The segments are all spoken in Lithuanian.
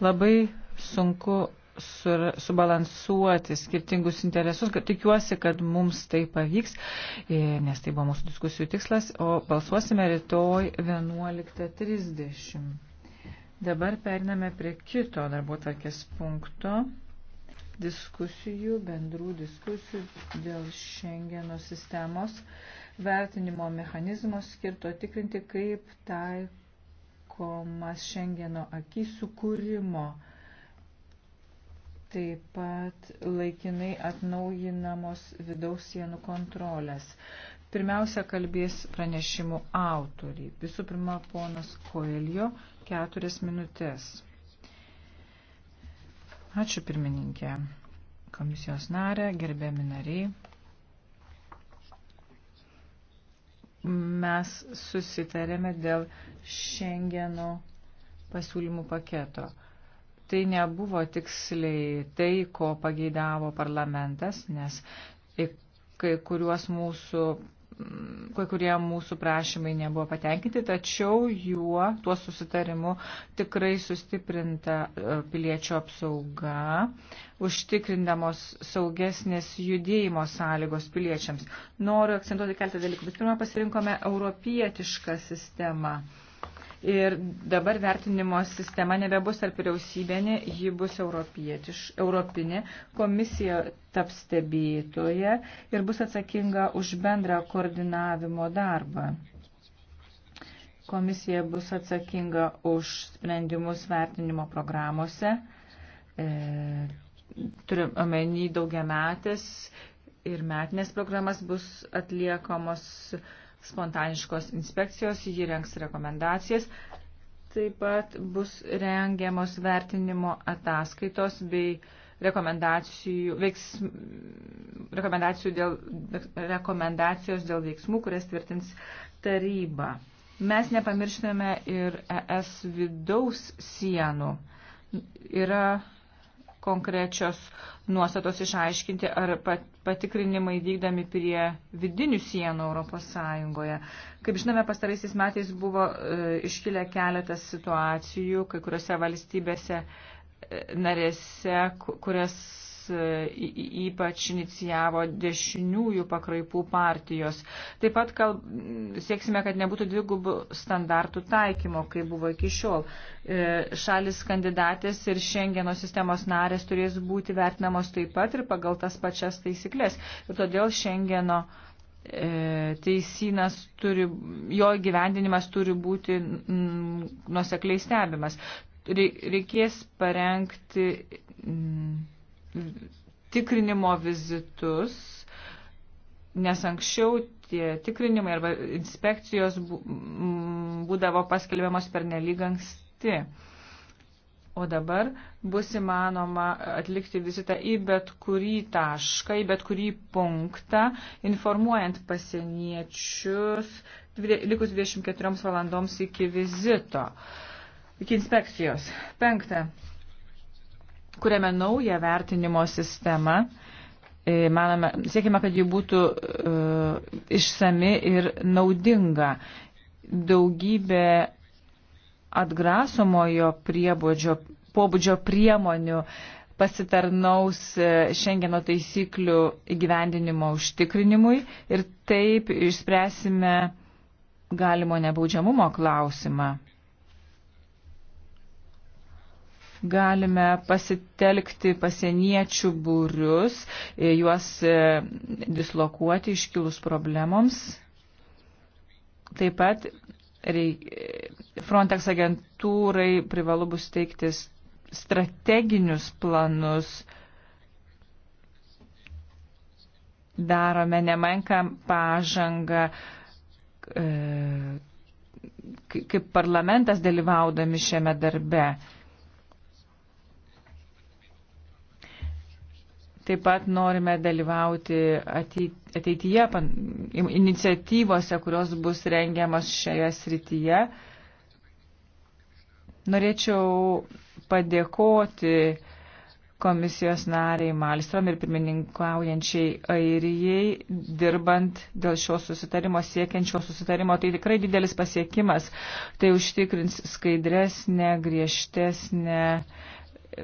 Labai sunku subalansuoti skirtingus interesus. Tikiuosi, kad mums tai pavyks, nes tai buvo mūsų diskusijų tikslas, o balsuosime rytoj 11.30. Dabar periname prie kito darbo tvarkės punkto diskusijų, bendrų diskusijų dėl Schengeno sistemos vertinimo mechanizmo skirto tikrinti, kaip taiko taikomas Šengeno akis sukūrimo. Taip pat laikinai atnaujinamos vidaus sienų kontrolės. Pirmiausia, kalbės pranešimų autoriai. Visų pirma, ponas Koelio, keturias minutės. Ačiū pirmininkė, komisijos narė, gerbėmi nariai. mes susitarėme dėl Schengeno pasiūlymų paketo. Tai nebuvo tiksliai tai, ko pageidavo parlamentas, nes kai kuriuos mūsų kai kurie mūsų prašymai nebuvo patenkinti, tačiau juo, tuo susitarimu tikrai sustiprinta e, piliečio apsauga, užtikrindamos saugesnės judėjimo sąlygos piliečiams. Noriu akcentuoti keletą dalykų. Visų pirma, pasirinkome europietišką sistemą. Ir dabar vertinimo sistema nebebus tarp vyriausybinė, ji bus europinė, komisija taps stebėtoje ir bus atsakinga už bendrą koordinavimo darbą. Komisija bus atsakinga už sprendimus vertinimo programuose, e, turiu omeny daugiametės ir metinės programas bus atliekamos spontaniškos inspekcijos, ji rengs rekomendacijas. Taip pat bus rengiamos vertinimo ataskaitos bei rekomendacijų, veiksm, rekomendacijų dėl, rekomendacijos dėl veiksmų, kurias tvirtins taryba. Mes nepamirštame ir ES vidaus sienų. Yra konkrečios nuostatos išaiškinti, ar patikrinimai vykdami prie vidinių sienų ES. Kaip žinome, pastaraisiais metais buvo e, iškilę keletas situacijų, kai kuriuose valstybėse e, narėse, kurias E, ypač inicijavo dešiniųjų pakraipų partijos. Taip pat kalb, sieksime, kad nebūtų dvigubų standartų taikymo, kaip buvo iki šiol. E, šalis kandidatės ir Šengeno sistemos narės turės būti vertinamos taip pat ir pagal tas pačias taisyklės. Ir todėl Šengeno e, teisinas turi, jo gyvendinimas turi būti mm, nusekliai stebimas reikės parengti mm, tikrinimo vizitus, nes anksčiau tie tikrinimai arba inspekcijos būdavo paskelbiamos per nelyg anksti. O dabar bus įmanoma atlikti vizitą į bet kurį tašką, į bet kurį punktą, informuojant pasieniečius likus 24 valandoms iki vizito, iki inspekcijos. Penkta kuriame naują vertinimo sistemą. E, Maname, siekime, kad ji būtų uh, išsami ir naudinga. Daugybė atgrasomojo priebodžio, pobūdžio priemonių pasitarnaus e, Šengeno taisyklių įgyvendinimo užtikrinimui ir taip išspręsime galimo nebaudžiamumo klausimą. galime pasitelkti pasieniečių būrius, e, juos e, dislokuoti iškilus problemoms. Taip pat reik, e, Frontex agentūrai privalu bus teikti strateginius planus. Darome nemenką pažangą kaip parlamentas dalyvaudami šiame darbe. Taip pat norime dalyvauti ateityje iniciatyvose, kurios bus rengiamas šioje srityje. Norėčiau padėkoti komisijos nariai Malstrom ir pirmininkaujančiai Airijai, dirbant dėl šio susitarimo, siekiančio susitarimo. Tai tikrai didelis pasiekimas. Tai užtikrins skaidresnę, griežtesnę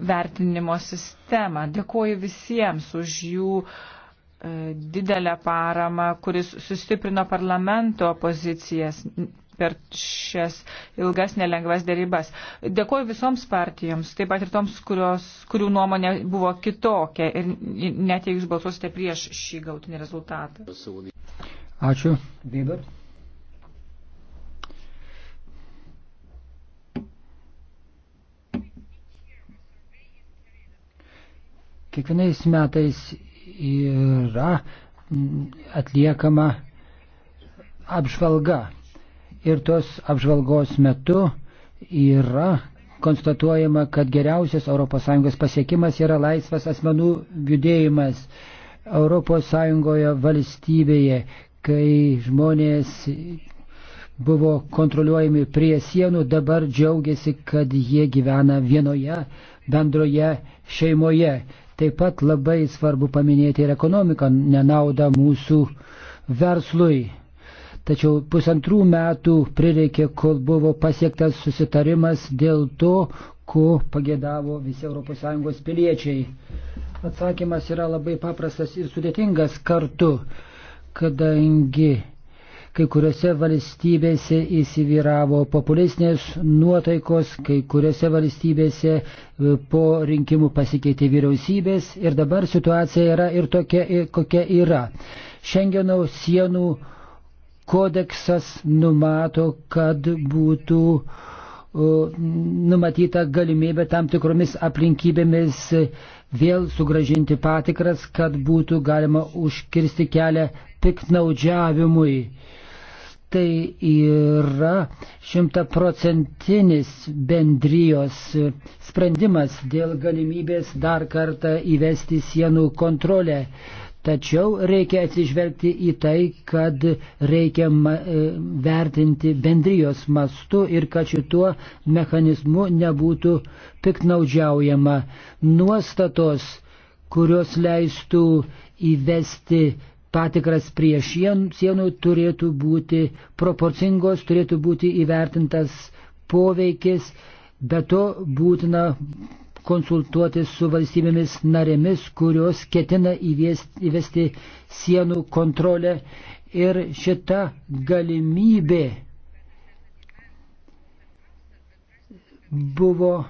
vertinimo sistemą. Dėkuoju visiems už jų e, didelę paramą, kuris sustiprino parlamento pozicijas per šias ilgas nelengvas dėrybas. Dėkuoju visoms partijoms, taip pat ir toms, kurios, kurių nuomonė buvo kitokia ir net jei jūs balsuosite prieš šį gautinį rezultatą. Ačiū. Weber. Kiekvienais metais yra atliekama apžvalga ir tos apžvalgos metu yra konstatuojama, kad geriausias ES pasiekimas yra laisvas asmenų judėjimas ES valstybėje, kai žmonės buvo kontroliuojami prie sienų, dabar džiaugiasi, kad jie gyvena vienoje bendroje šeimoje. Taip pat labai svarbu paminėti ir ekonomiką nenaudą mūsų verslui. Tačiau pusantrų metų prireikė, kol buvo pasiektas susitarimas dėl to, ko pagėdavo visi ES piliečiai. Atsakymas yra labai paprastas ir sudėtingas kartu, kadangi Kai kuriuose valstybėse įsivyravo populistinės nuotaikos, kai kuriuose valstybėse e, po rinkimų pasikeitė vyriausybės ir dabar situacija yra ir tokia, kokia yra. Šengeno sienų kodeksas numato, kad būtų e, numatyta galimybė tam tikromis aplinkybėmis vėl sugražinti patikras, kad būtų galima užkirsti kelią piknaudžiavimui. Tai yra šimtaprocentinis bendrijos sprendimas dėl galimybės dar kartą įvesti sienų kontrolę. Tačiau reikia atsižvelgti į tai, kad reikia e, vertinti bendrijos mastu ir kad šituo mechanizmu nebūtų piknaudžiaujama. Nuostatos, kurios leistų įvesti patikras prie sienų turėtų būti proporcingos, turėtų būti įvertintas poveikis, bet to būtina konsultuotis su valstybėmis narėmis, kurios ketina įvesti sienų kontrolę ir šita galimybė buvo e,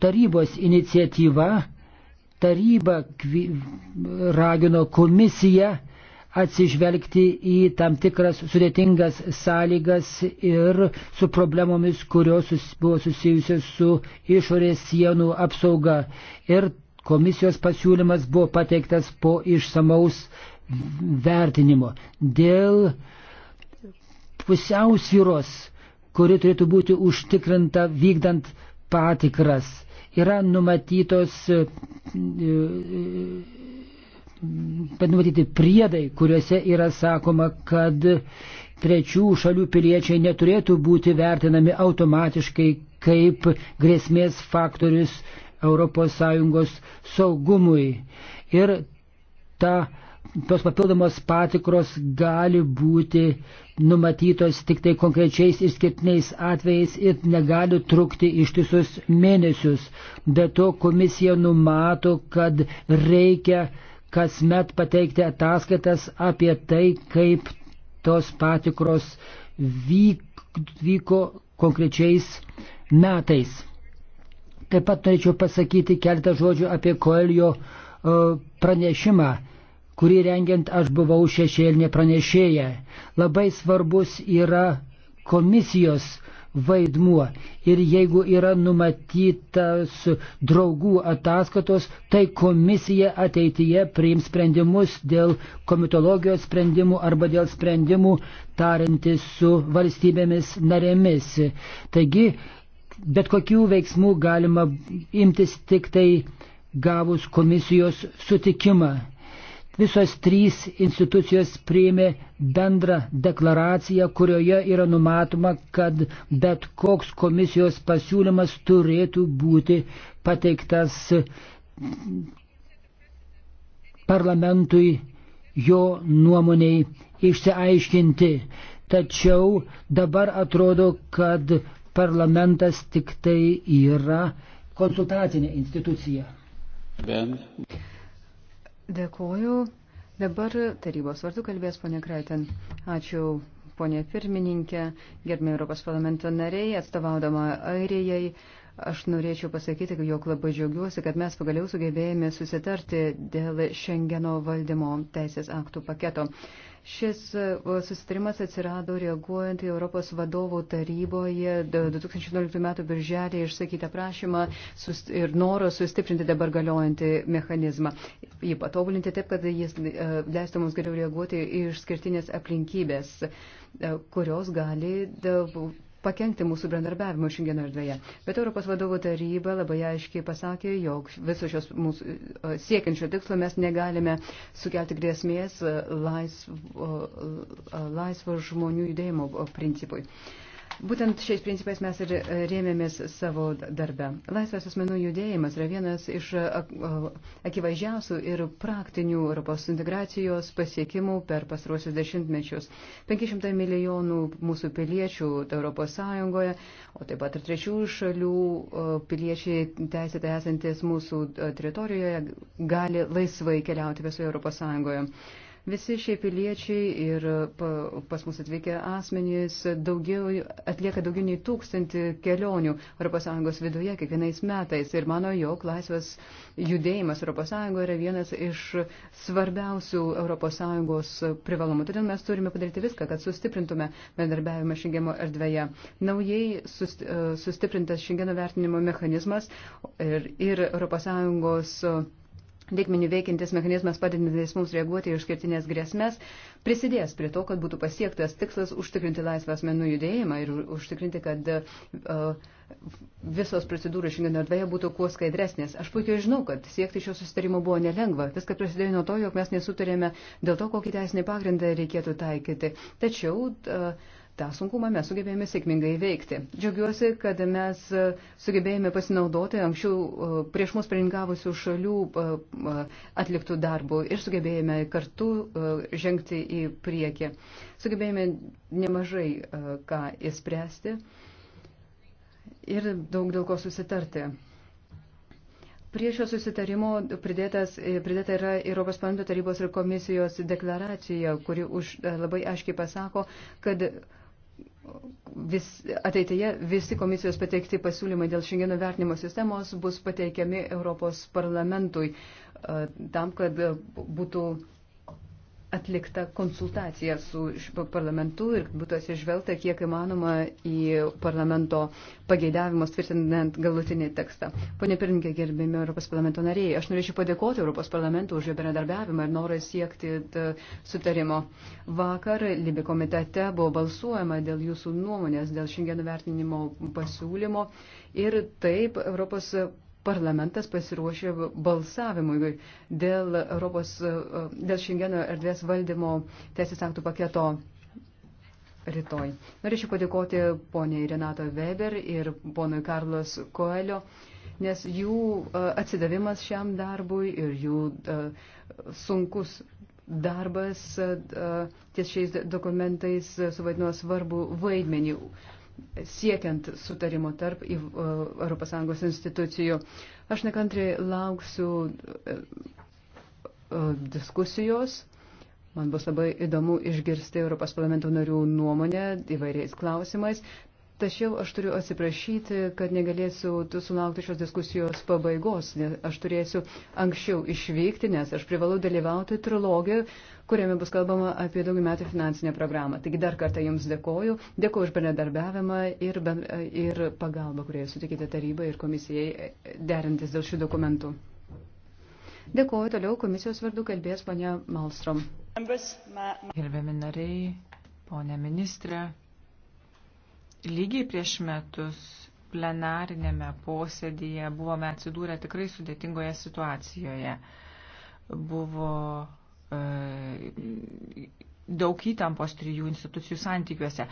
tarybos iniciatyva, Taryba kvi, ragino komisiją atsižvelgti į tam tikras sudėtingas sąlygas ir su problemomis, kurios sus, buvo susijusios su išorės sienų apsauga. Ir komisijos pasiūlymas buvo pateiktas po išsamaus vertinimo. Dėl pusiausvyros, kuri turėtų būti užtikrinta vykdant patikras yra numatytos e, e, numatyti priedai, kuriuose yra sakoma, kad trečių šalių piliečiai neturėtų būti vertinami automatiškai kaip grėsmės faktorius ES saugumui. Ir ta tos papildomos patikros gali būti numatytos tik tai konkrečiais išskirtiniais atvejais ir negali trukti ištisus mėnesius. Be to komisija numato, kad reikia kasmet pateikti ataskaitas apie tai, kaip tos patikros vyko konkrečiais metais. Taip pat norėčiau pasakyti keletą žodžių apie Koelio e, pranešimą kurį rengiant aš buvau šešėlinė pranešėja. Labai svarbus yra komisijos vaidmuo ir jeigu yra numatytas draugų ataskaitos, tai komisija ateityje priims sprendimus dėl komitologijos sprendimų arba dėl sprendimų tarintis su valstybėmis narėmis. Taigi, bet kokių veiksmų galima imtis tik tai gavus komisijos sutikimą. Visos trys institucijos priėmė bendrą deklaraciją, kurioje yra numatoma, kad bet koks komisijos pasiūlymas turėtų būti pateiktas parlamentui jo nuomoniai išsiaiškinti. Tačiau dabar atrodo, kad parlamentas tik tai yra konsultacinė institucija. Ben. Dėkuoju. Dabar tarybos vardu kalbės ponė Kraitin. Ačiū ponė pirmininkė, gerbė Europos parlamento nariai, atstovaudama Airijai. Aš norėčiau pasakyti, jog labai džiaugiuosi, kad mes pagaliau sugebėjome susitarti dėl Šengeno valdymo teisės aktų paketo. Šis e, susitarimas atsirado reaguojant į Europos vadovų taryboje 2011 m. birželį išsakytą prašymą ir norą sustiprinti dabar galiojantį mechanizmą. Jį patobulinti taip, kad jis e, leistų mums geriau reaguoti į išskirtinės aplinkybės, e, kurios gali pakengti mūsų bendradarbiavimo šiandien erdvėje. Bet Europos vadovų taryba labai aiškiai pasakė, jog viso šios mūsų e, siekiančio tikslo mes negalime sukelti grėsmės e, laisvo, e, laisvo žmonių judėjimo principui. Būtent šiais principais mes ir e, rėmėmės savo darbę. Laisvės asmenų judėjimas yra vienas iš e, akivaizdžiausių ir praktinių Europos integracijos pasiekimų per pastaruosius dešimtmečius. 500 milijonų mūsų piliečių Europos Sąjungoje, o taip pat ir trečių šalių e, piliečiai teisėtai esantis mūsų teritorijoje gali laisvai keliauti visoje Europos Sąjungoje. Visi šie piliečiai ir pas mus atvykę asmenys daugiau, atlieka daugiau nei tūkstantį kelionių ES viduje kiekvienais metais. Ir mano, jog laisvas judėjimas ES yra vienas iš svarbiausių ES privalumų. Todėl mes turime padaryti viską, kad sustiprintume bendarbiavimą Šengeno erdvėje. Naujai e, sustiprintas Šengeno vertinimo mechanizmas ir, ir ES Dėkmenių veikiantis mechanizmas padidintis mums reaguoti į iškirtinės grėsmės prisidės prie to, kad būtų pasiektas tikslas užtikrinti laisvą asmenų judėjimą ir užtikrinti, kad uh, visos procedūros šiandien erdvėje būtų kuo skaidresnės. Aš puikiai žinau, kad siekti šio susitarimo buvo nelengva. Viskas prasidėjo nuo to, jog mes nesutarėme dėl to, kokį teisinį pagrindą reikėtų taikyti. Tačiau uh, tą sunkumą mes sugebėjome sėkmingai veikti. Džiaugiuosi, kad mes e, sugebėjome pasinaudoti anksčiau e, prieš mus prininkavusių šalių e, atliktų darbų ir sugebėjome kartu žengti į priekį. Sugebėjome nemažai ką įspręsti ir daug dėl ko susitarti. Prie šio susitarimo pridėtas, pridėta yra Europos parlamento tarybos ir komisijos deklaracija, kuri už, labai aiškiai pasako, kad vis, ateityje visi komisijos pateikti pasiūlymai dėl šiandieno vertinimo sistemos bus pateikiami Europos parlamentui e, tam, kad būtų atlikta konsultacija su parlamentu ir būtų atsižvelgta kiek įmanoma į parlamento pageidavimus tvirtinant galutinį tekstą. Pone pirmininkė, gerbėmi Europos parlamento nariai, aš norėčiau padėkoti Europos parlamentu už jo bendradarbiavimą ir norą siekti sutarimo. Vakar Libi komitete buvo balsuojama dėl jūsų nuomonės, dėl šiandienų vertinimo pasiūlymo ir taip Europos parlamentas pasiruošė balsavimui dėl, Europos, dėl Šengeno erdvės valdymo teisės aktų paketo rytoj. Norėčiau padėkoti poniai Renato Weber ir ponui Karlos Koelio, nes jų e, atsidavimas šiam darbui ir jų e, sunkus darbas e, ties šiais dokumentais suvaidino svarbu vaidmenį siekiant sutarimo tarp ES institucijų. Aš nekantriai lauksiu e, e, diskusijos. Man bus labai įdomu išgirsti Europos parlamento narių nuomonę įvairiais klausimais. Tačiau aš turiu atsiprašyti, kad negalėsiu sulaukti šios diskusijos pabaigos, nes aš turėsiu anksčiau išvykti, nes aš privalau dalyvauti trilogijoje, kuriame bus kalbama apie daugiau metų finansinę programą. Taigi dar kartą Jums dėkoju, dėkoju už bendradarbiavimą ir, ben, ir pagalbą, kurie sutikite tarybai ir komisijai e, derintis dėl šių dokumentų. Dėkoju toliau, komisijos vardu kalbės ponia Malstrom. Gerbiami nariai, ponia ministrė. Lygiai prieš metus plenarinėme posėdėje buvome atsidūrę tikrai sudėtingoje situacijoje. Buvo e, daug įtampos trijų institucijų santykiuose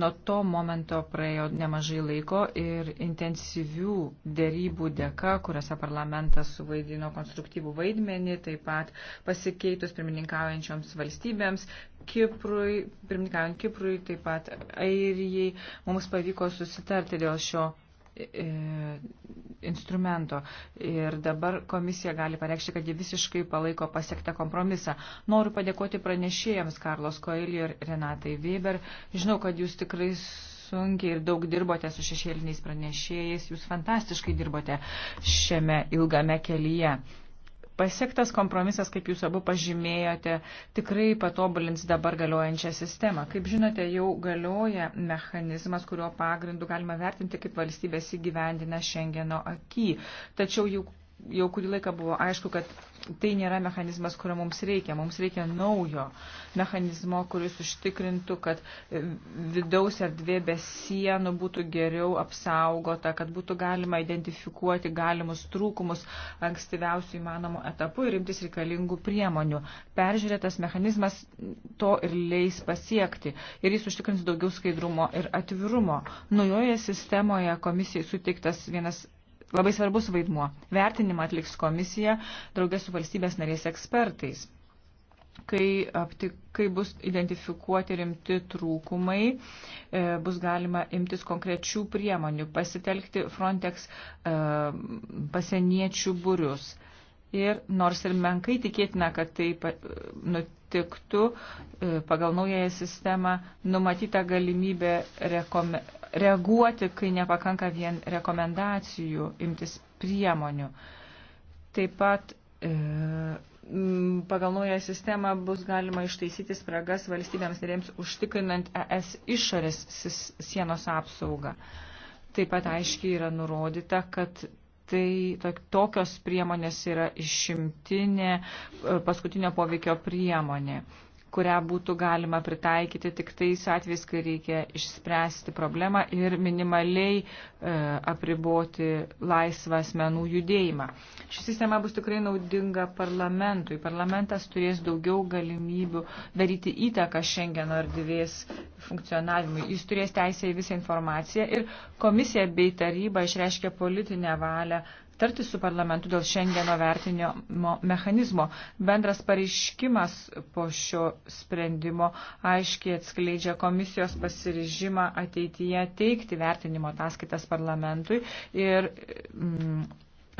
nuo to momento praėjo nemažai laiko ir intensyvių dėrybų dėka, kuriuose parlamentas suvaidino konstruktyvų vaidmenį, taip pat pasikeitus pirmininkaujančioms valstybėms, Kiprui, pirmininkaujant Kiprui, taip pat Airijai, mums pavyko susitarti dėl šio E, instrumento. Ir dabar komisija gali pareikšti, kad jie visiškai palaiko pasiektą kompromisą. Noriu padėkoti pranešėjams Karlos Koilio ir Renatai Weber. Žinau, kad jūs tikrai sunkiai ir daug dirbote su šešėliniais pranešėjais. Jūs fantastiškai dirbote šiame ilgame kelyje pasiektas kompromisas, kaip jūs abu pažymėjote, tikrai patobulins dabar galiojančią sistemą. Kaip žinote, jau galioja mechanizmas, kurio pagrindu galima vertinti, kaip valstybės įgyvendina Šengeno akį. Tačiau juk jau kurį laiką buvo aišku, kad tai nėra mechanizmas, kurio mums reikia. Mums reikia naujo mechanizmo, kuris užtikrintų, kad vidaus erdvė be sienų būtų geriau apsaugota, kad būtų galima identifikuoti galimus trūkumus ankstyviausių įmanomų etapų ir imtis reikalingų priemonių. Peržiūrėtas mechanizmas to ir leis pasiekti ir jis užtikrins daugiau skaidrumo ir atvirumo. Naujoje sistemoje komisijai suteiktas vienas labai svarbus vaidmuo. Vertinimą atliks komisija draugė su valstybės nariais ekspertais. Kai, aptik, kai bus identifikuoti rimti trūkumai, e, bus galima imtis konkrečių priemonių, pasitelkti Frontex e, pasieniečių būrius. Ir nors ir menkai tikėtina, kad tai nutiks, tiktų e, pagal naująją sistemą numatyta galimybė rekome, reaguoti, kai nepakanka vien rekomendacijų imtis priemonių. Taip pat e, pagal naują sistemą bus galima ištaisyti spragas valstybėms narėms užtikrinant ES išorės sienos apsaugą. Taip pat aiškiai yra nurodyta, kad tai tokios priemonės yra išimtinė e, paskutinio poveikio priemonė kurią būtų galima pritaikyti tik tais atvejais, kai reikia išspręsti problemą ir minimaliai e, apriboti laisvą asmenų judėjimą. Ši sistema bus tikrai naudinga parlamentui. Parlamentas turės daugiau galimybių daryti įtaką Schengeno erdvės funkcionavimui. Jis turės teisę į visą informaciją ir komisija bei taryba išreiškia politinę valią tarti su parlamentu dėl šiandieno vertinimo mechanizmo. Bendras pareiškimas po šio sprendimo aiškiai atskleidžia komisijos pasiryžimą ateityje teikti vertinimo ataskaitas parlamentui ir mm,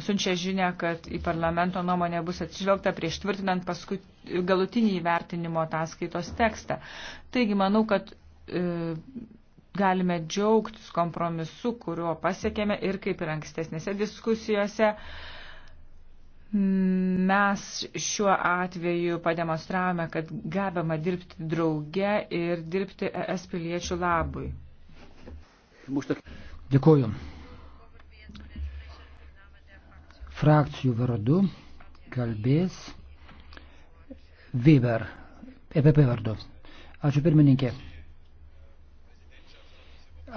siunčia žinę, kad į parlamento nuomonę bus atsižvelgta prieš tvirtinant paskui galutinį įvertinimo ataskaitos tekstą. Taigi manau, kad e, galime džiaugtis kompromisu, kuriuo pasiekėme ir kaip ir ankstesnėse diskusijose. Mes šiuo atveju pademonstravome, kad gavama dirbti drauge ir dirbti ES piliečių labui. Dėkuoju. Frakcijų vardu kalbės Weber, EPP vardu. Ačiū pirmininkė.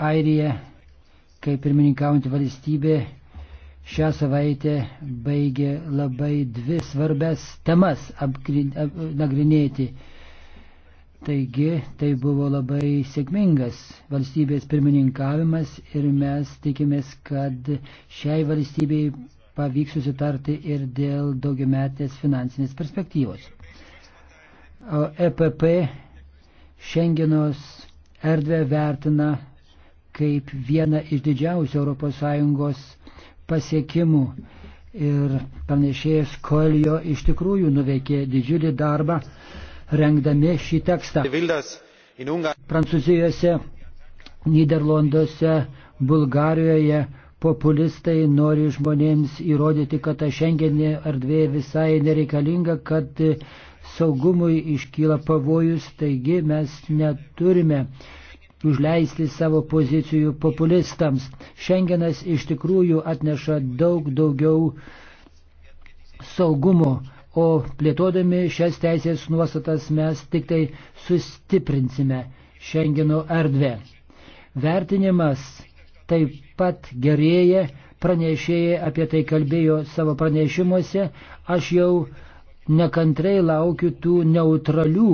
Airija, kaip pirmininkaujantį valstybė, šią savaitę baigė labai dvi svarbes temas apgrin, ap, nagrinėti. Taigi tai buvo labai sėkmingas valstybės pirmininkavimas ir mes tikimės, kad šiai valstybei pavyks susitarti ir dėl daugiametės finansinės perspektyvos. O EPP Šengenos erdvę vertina kaip vieną iš didžiausių ES pasiekimų. Ir pranešėjas Kolio iš tikrųjų nuveikė didžiulį darbą, rengdami šį tekstą. Prancūzijose, Niderlanduose, Bulgarijoje populistai nori žmonėms įrodyti, kad ta šengenė erdvė visai nereikalinga, kad saugumui iškyla pavojus, taigi mes neturime uh, užleisti savo pozicijų populistams. Šengenas iš tikrųjų atneša daug daugiau saugumo, o plėtodami šias teisės nuostatas mes tik tai sustiprinsime Šengeno erdvę. Vertinimas taip pat gerėja, pranešėjai apie tai kalbėjo savo pranešimuose, aš jau nekantrai laukiu tų neutralių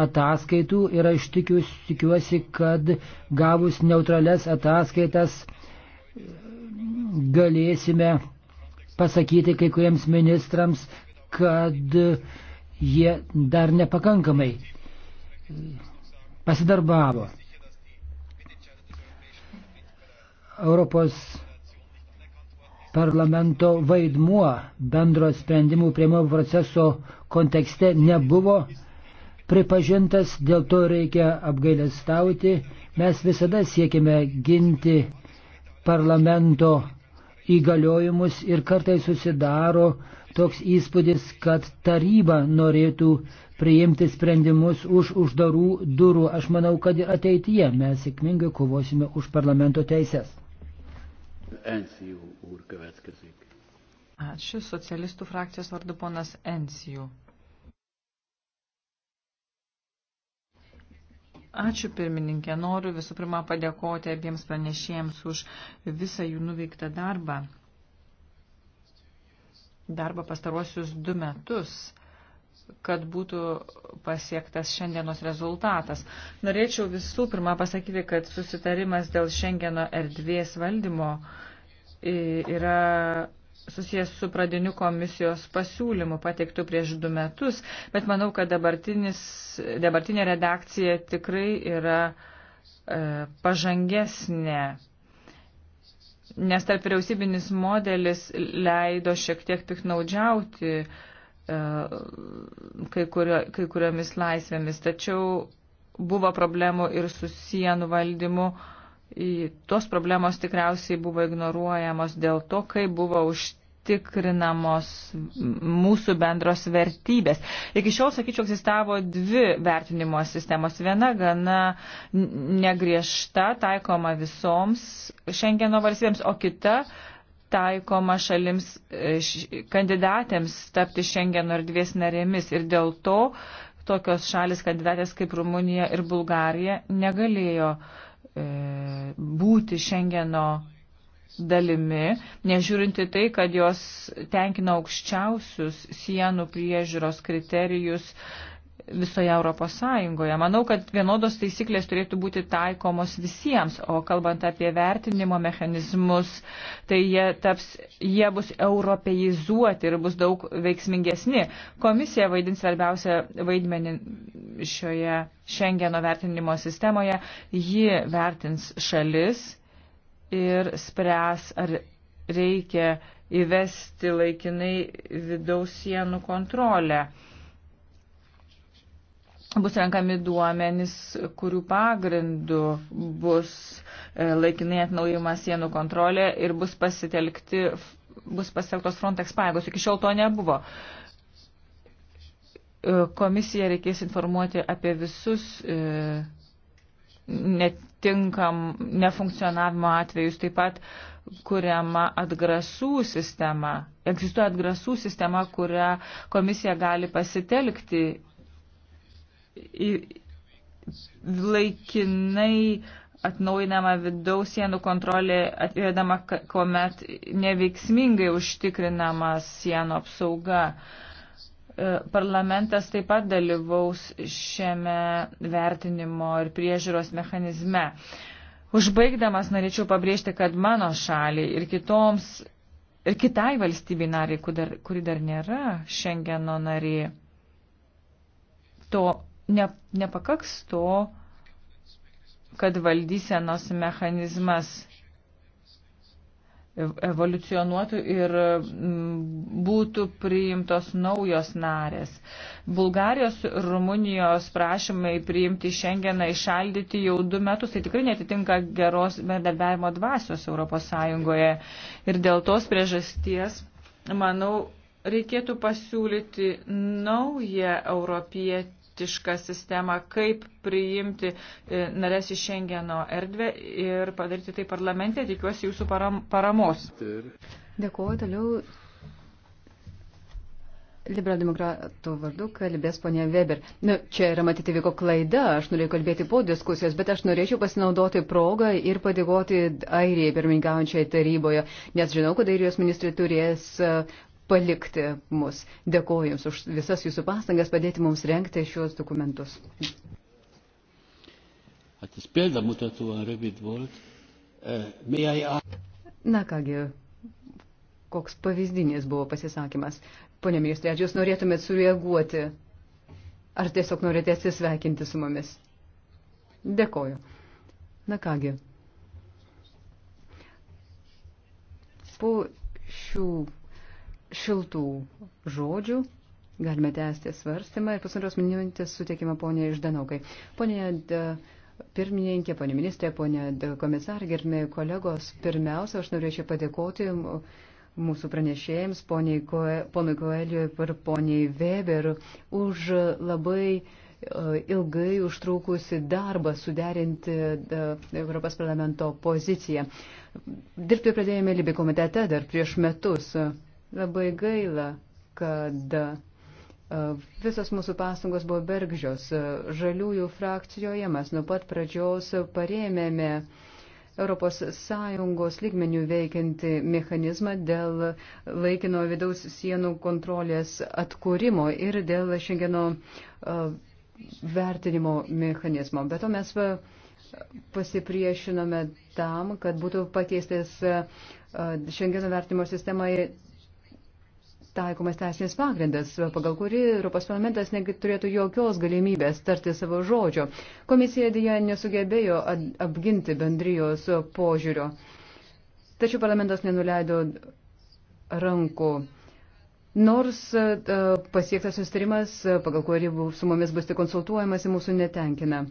ataskaitų ir aš tikiuosi, kad gavus neutrales ataskaitas galėsime pasakyti kai kuriems ministrams, kad jie dar nepakankamai pasidarbavo. Europos parlamento vaidmuo bendro sprendimų prieimimo proceso kontekste nebuvo pripažintas, dėl to reikia apgailestauti. Mes visada siekime ginti parlamento įgaliojimus ir kartai susidaro toks įspūdis, kad taryba norėtų priimti sprendimus už uždarų durų. Aš manau, kad ir ateityje mes sėkmingai kovosime už parlamento teises. Ačiū socialistų frakcijos vardu ponas Ensijų. Ačiū pirmininkė. Noriu visų pirma padėkoti abiems pranešėjams už visą jų nuveiktą darbą. Darbą pastaruosius du metus kad būtų pasiektas šiandienos rezultatas. Norėčiau visų pirma pasakyti, kad susitarimas dėl šiandieno erdvės valdymo yra susijęs su pradiniu komisijos pasiūlymu pateiktu prieš du metus, bet manau, kad dabartinė redakcija tikrai yra e, pažangesnė, nes tarp vyriausybinis modelis leido šiek tiek piknaudžiauti e, kai, kurio, kai kuriomis laisvėmis, tačiau buvo problemų ir su sienų valdymu. E, tos problemos tikriausiai buvo ignoruojamos dėl to, kaip buvo užtikrinamos mūsų bendros vertybės. Iki šiol, sakyčiau, egzistavo dvi vertinimo sistemos. Viena gana negriežta, taikoma visoms Šengeno valstybėms, o kita taikoma šalims e, kandidatėms tapti Šengeno erdvės narėmis. Ir dėl to tokios šalis kandidatės kaip Rumunija ir Bulgarija negalėjo uh, E, būti Šengeno dalimi, nežiūrinti tai, kad jos tenkina aukščiausius sienų priežiūros kriterijus, visoje Europos Sąjungoje. Manau, kad vienodos taisyklės turėtų būti taikomos visiems, o kalbant apie vertinimo mechanizmus, tai jie, taps, jie bus europeizuoti ir bus daug veiksmingesni. Komisija vaidins svarbiausią vaidmenį šioje Šengeno vertinimo sistemoje. Ji vertins šalis ir spręs, ar reikia įvesti laikinai vidaus sienų kontrolę bus renkami duomenys, kurių pagrindu bus e, laikinai atnaujima sienų kontrolė ir bus pasitelkti, bus pasitelktos Frontex pajėgos. Iki šiol to nebuvo. E, komisija reikės informuoti apie visus e, netinkam, nefunkcionavimo atvejus, taip pat kuriama atgrasų sistema. Egzistuoja atgrasų sistema, kurią komisija gali pasitelkti laikinai atnaujinama vidaus sienų kontrolė atvedama, kuomet neveiksmingai užtikrinama sienų apsauga. E, parlamentas taip pat dalyvaus šiame vertinimo ir priežiūros mechanizme. Užbaigdamas norėčiau pabrėžti, kad mano šaliai ir kitoms ir kitai valstybei nariai, kuri dar nėra Šengeno nariai, to ne, nepakaks to, kad valdysenos mechanizmas evoliucionuotų ir mm, būtų priimtos naujos narės. Bulgarijos, Rumunijos prašymai priimti šiandieną išaldyti jau du metus, tai tikrai netitinka geros bendarbiavimo dvasios Europos Sąjungoje. Ir dėl tos priežasties, manau, reikėtų pasiūlyti naują europietį skeptišką sistemą, kaip priimti e, narės iš Šengeno erdvę ir padaryti tai parlamente. Tikiuosi jūsų param, paramos. Dėkuoju toliau. Liberal demokratų vardu kalbės ponia Weber. Nu, čia yra matyti vyko klaida, aš norėjau kalbėti po diskusijos, bet aš norėčiau pasinaudoti progą ir padėkoti Airijai pirmininkaujančiai taryboje, nes žinau, kad Airijos ministrai turės palikti mus. Dėkoju Jums už visas Jūsų pastangas padėti mums renkti šios dokumentus. Na kągi, koks pavyzdinis buvo pasisakymas. Pone ministrė, ar Jūs norėtumėt sureaguoti? Ar tiesiog norite atsisveikinti su mumis? Dėkoju. Na kągi. Po šių šiltų žodžių. Galime tęsti svarstymą ir pusantros minutės suteikime ponė Ždanokai. Ponė pirmininkė, ponė ministrė, ponė komisarė, gerbimi kolegos, pirmiausia, aš norėčiau padėkoti mūsų pranešėjams, poniai, ponui Koeliui ir poniai Weber, už labai e, ilgai užtrukusi darbą suderinti Europos parlamento poziciją. Dirbti pradėjome Libi komitete dar prieš metus. Labai gaila, kad e, Visos mūsų pastangos buvo bergžios. Žaliųjų frakcijoje mes nuo pat pradžios parėmėme ES lygmenių veikianti mechanizmą dėl laikino vidaus sienų kontrolės atkūrimo ir dėl šengeno e, vertinimo mechanizmo. Bet to mes e, pasipriešinome tam, kad būtų pakeistas šengeno vertinimo sistemai taikomas teisinės pagrindas, pagal kurį Europos parlamentas neturėtų jokios galimybės tarti savo žodžio. Komisija dėja nesugebėjo apginti bendrijos požiūrio. Tačiau parlamentas nenuleido rankų. Nors e, pasiektas sustarimas, pagal kurį su mumis bus tik konsultuojamas, mūsų netenkina.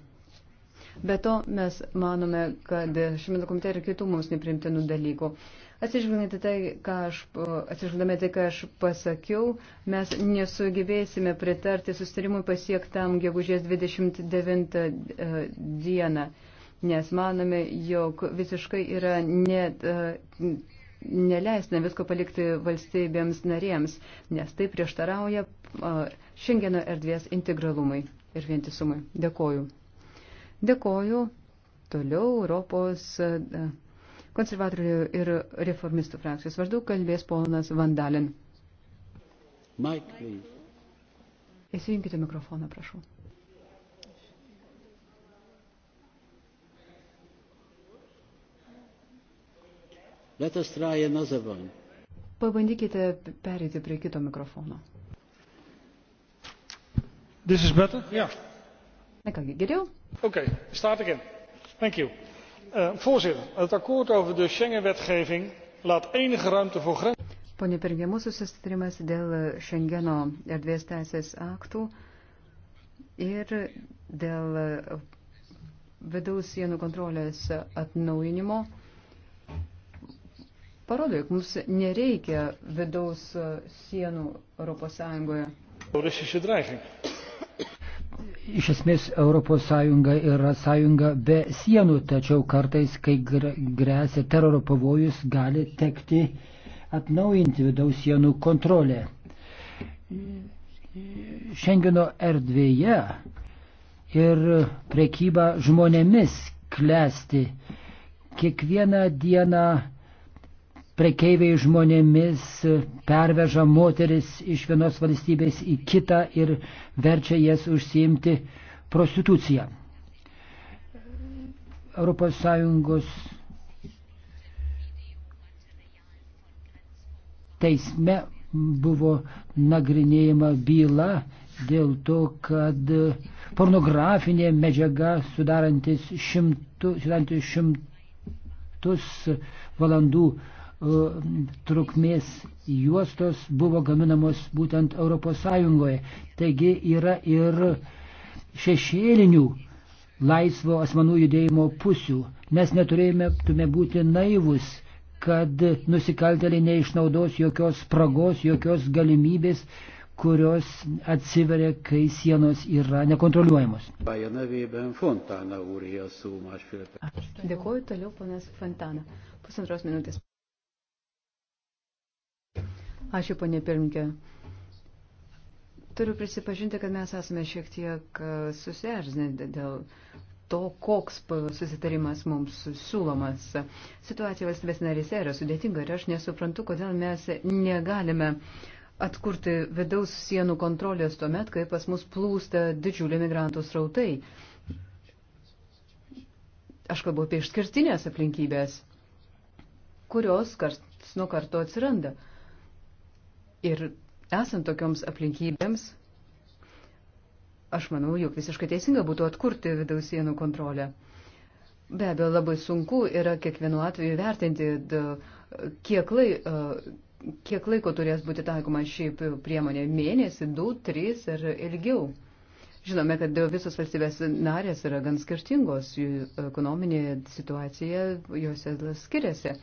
Be to mes manome, kad šiame dokumente yra kitų mums neprimtinų dalykų. Atsižvelgiant į tai, ką aš, atsižvelgiant tai, ką aš pasakiau, mes nesugebėsime pritarti sustarimui pasiektam gegužės 29 e, dieną, nes manome, jog visiškai yra net, e, neleisna visko palikti valstybėms narėms, nes tai prieštarauja e, šiandieno erdvės integralumui ir vientisumui. Dėkoju. Dėkoju toliau Europos e, konservatorių ir reformistų frakcijos vardu kalbės ponas Vandalin. Mike, please. Įsijunkite mikrofoną, prašau. Let us try another one. Pabandykite perėti prie kito mikrofono. This is better? Yeah. Na kągi, geriau? Ok, start again. Thank you. Uh, voorzitter, het akkoord over de Schengen-wetgeving laat enige ruimte voor grenzen. Pone Pirgė, mūsų susitarimas dėl Šengeno eh, erdvės teisės aktų ir dėl eh, vidaus sienų kontrolės atnaujinimo parodo, jog mums nereikia vidaus sienų Europos Sąjungoje. Iš esmės ES yra sąjunga be sienų, tačiau kartais, kai grėsia teroro pavojus, gali tekti atnaujinti vidaus sienų kontrolę. Šengino erdvėje ir prekyba žmonėmis klesti. Kiekvieną dieną prekeiviai žmonėmis perveža moteris iš vienos valstybės į kitą ir verčia jas užsiimti prostituciją. ES teisme buvo nagrinėjama byla dėl to, kad pornografinė medžiaga sudarantis šimtus, sudarantis šimtus valandų trukmės juostos buvo gaminamos būtent ES. Taigi yra ir šešėlinių laisvo asmenų judėjimo pusių. Mes neturėjome tume būti naivus, kad nusikaltėliai neišnaudos jokios spragos, jokios galimybės, kurios atsiveria, kai sienos yra nekontroliuojamos. Dėkuoju toliau, ponas Fontana. Pusantros minutės. Ačiū, ponė Pirmke. Turiu prisipažinti, kad mes esame šiek tiek e, susierzinę dėl to, koks susitarimas mums siūlomas. Situacija valstybės narėse yra sudėtinga ir aš nesuprantu, kodėl mes negalime atkurti vidaus sienų kontrolės tuo met, kai pas mus plūsta didžiulė migrantų srautai. Aš kalbu apie išskirtinės aplinkybės, kurios karts nuo karto atsiranda. Ir esant tokioms aplinkybėms, aš manau, jog visiškai teisinga būtų atkurti vidaus sienų kontrolę. Be abejo, labai sunku yra kiekvienu atveju vertinti, kiek, lai, kiek laiko turės būti taikoma šį priemonę - mėnesį, du, trys ar ilgiau. Žinome, kad visos valstybės narės yra gan skirtingos, jų ekonominė situacija juose skiriasi.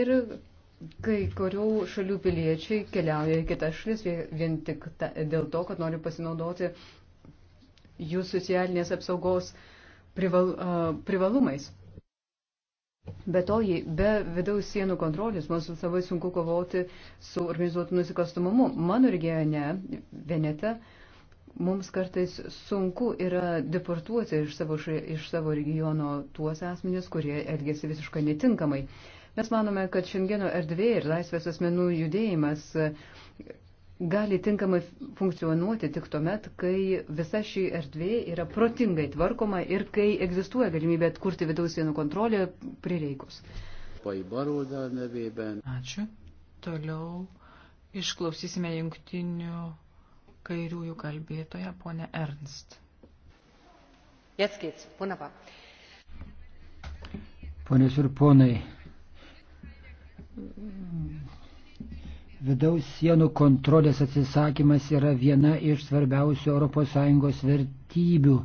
Ir kai kurių šalių piliečiai keliauja į kitas šalis vien tik ta, dėl to, kad nori pasinaudoti jų socialinės apsaugos prival, uh, privalumais. Be to, jei be vidaus sienų kontrolės mums labai sunku kovoti su organizuotu nusikastumumu. Mano regione, Veneta, mums kartais sunku yra deportuoti iš savo, iš savo regiono tuos asmenys, kurie elgesi visiškai netinkamai. Uh, Mes manome, kad šiandieno erdvė ir laisvės asmenų judėjimas e, gali tinkamai funkcionuoti tik tuomet, kai visa ši erdvė yra protingai tvarkoma ir kai egzistuoja galimybė atkurti vidaus sienų kontrolę prireikus. Ačiū. Toliau išklausysime jungtinių kairiųjų kalbėtoją, ponę Ernst. Jetzt geht's. Wunderbar. Ponios ir ponai, Vidaus sienų kontrolės atsisakymas yra viena iš svarbiausių ES vertybių,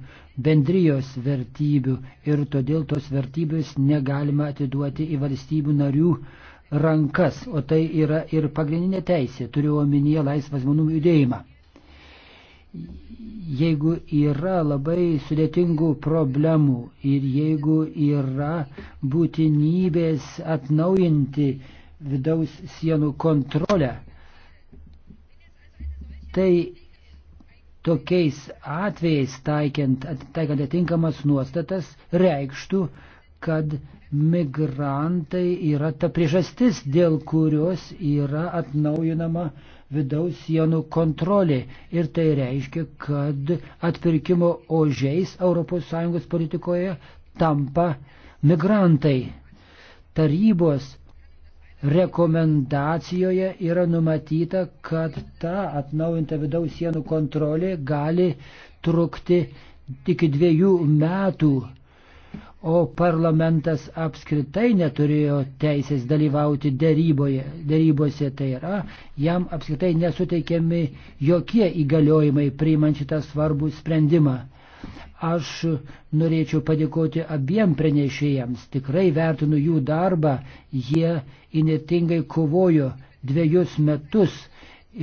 bendrijos vertybių ir todėl tos vertybės negalima atiduoti į valstybių narių rankas, o tai yra ir pagrindinė teisė, turiu omenyje laisvą žmonių judėjimą. Jeigu yra labai sudėtingų problemų ir jeigu yra būtinybės atnaujinti vidaus sienų kontrolę. Tai tokiais atvejais taikiant, taikant atinkamas nuostatas reikštų, kad migrantai yra ta priežastis, dėl kurios yra atnaujinama vidaus sienų kontrolė. Ir tai reiškia, kad atpirkimo ožiais ES politikoje tampa migrantai. Tarybos rekomendacijoje yra numatyta, kad ta atnaujinta vidaus sienų kontrolė gali trukti iki dviejų metų, o parlamentas apskritai neturėjo teisės dalyvauti dėryboje, dėrybose, tai yra, jam apskritai nesuteikiami jokie įgaliojimai priimant šitą svarbų sprendimą. Aš norėčiau padėkoti abiem pranešėjams, tikrai vertinu jų darbą, jie inetingai kovojo dviejus metus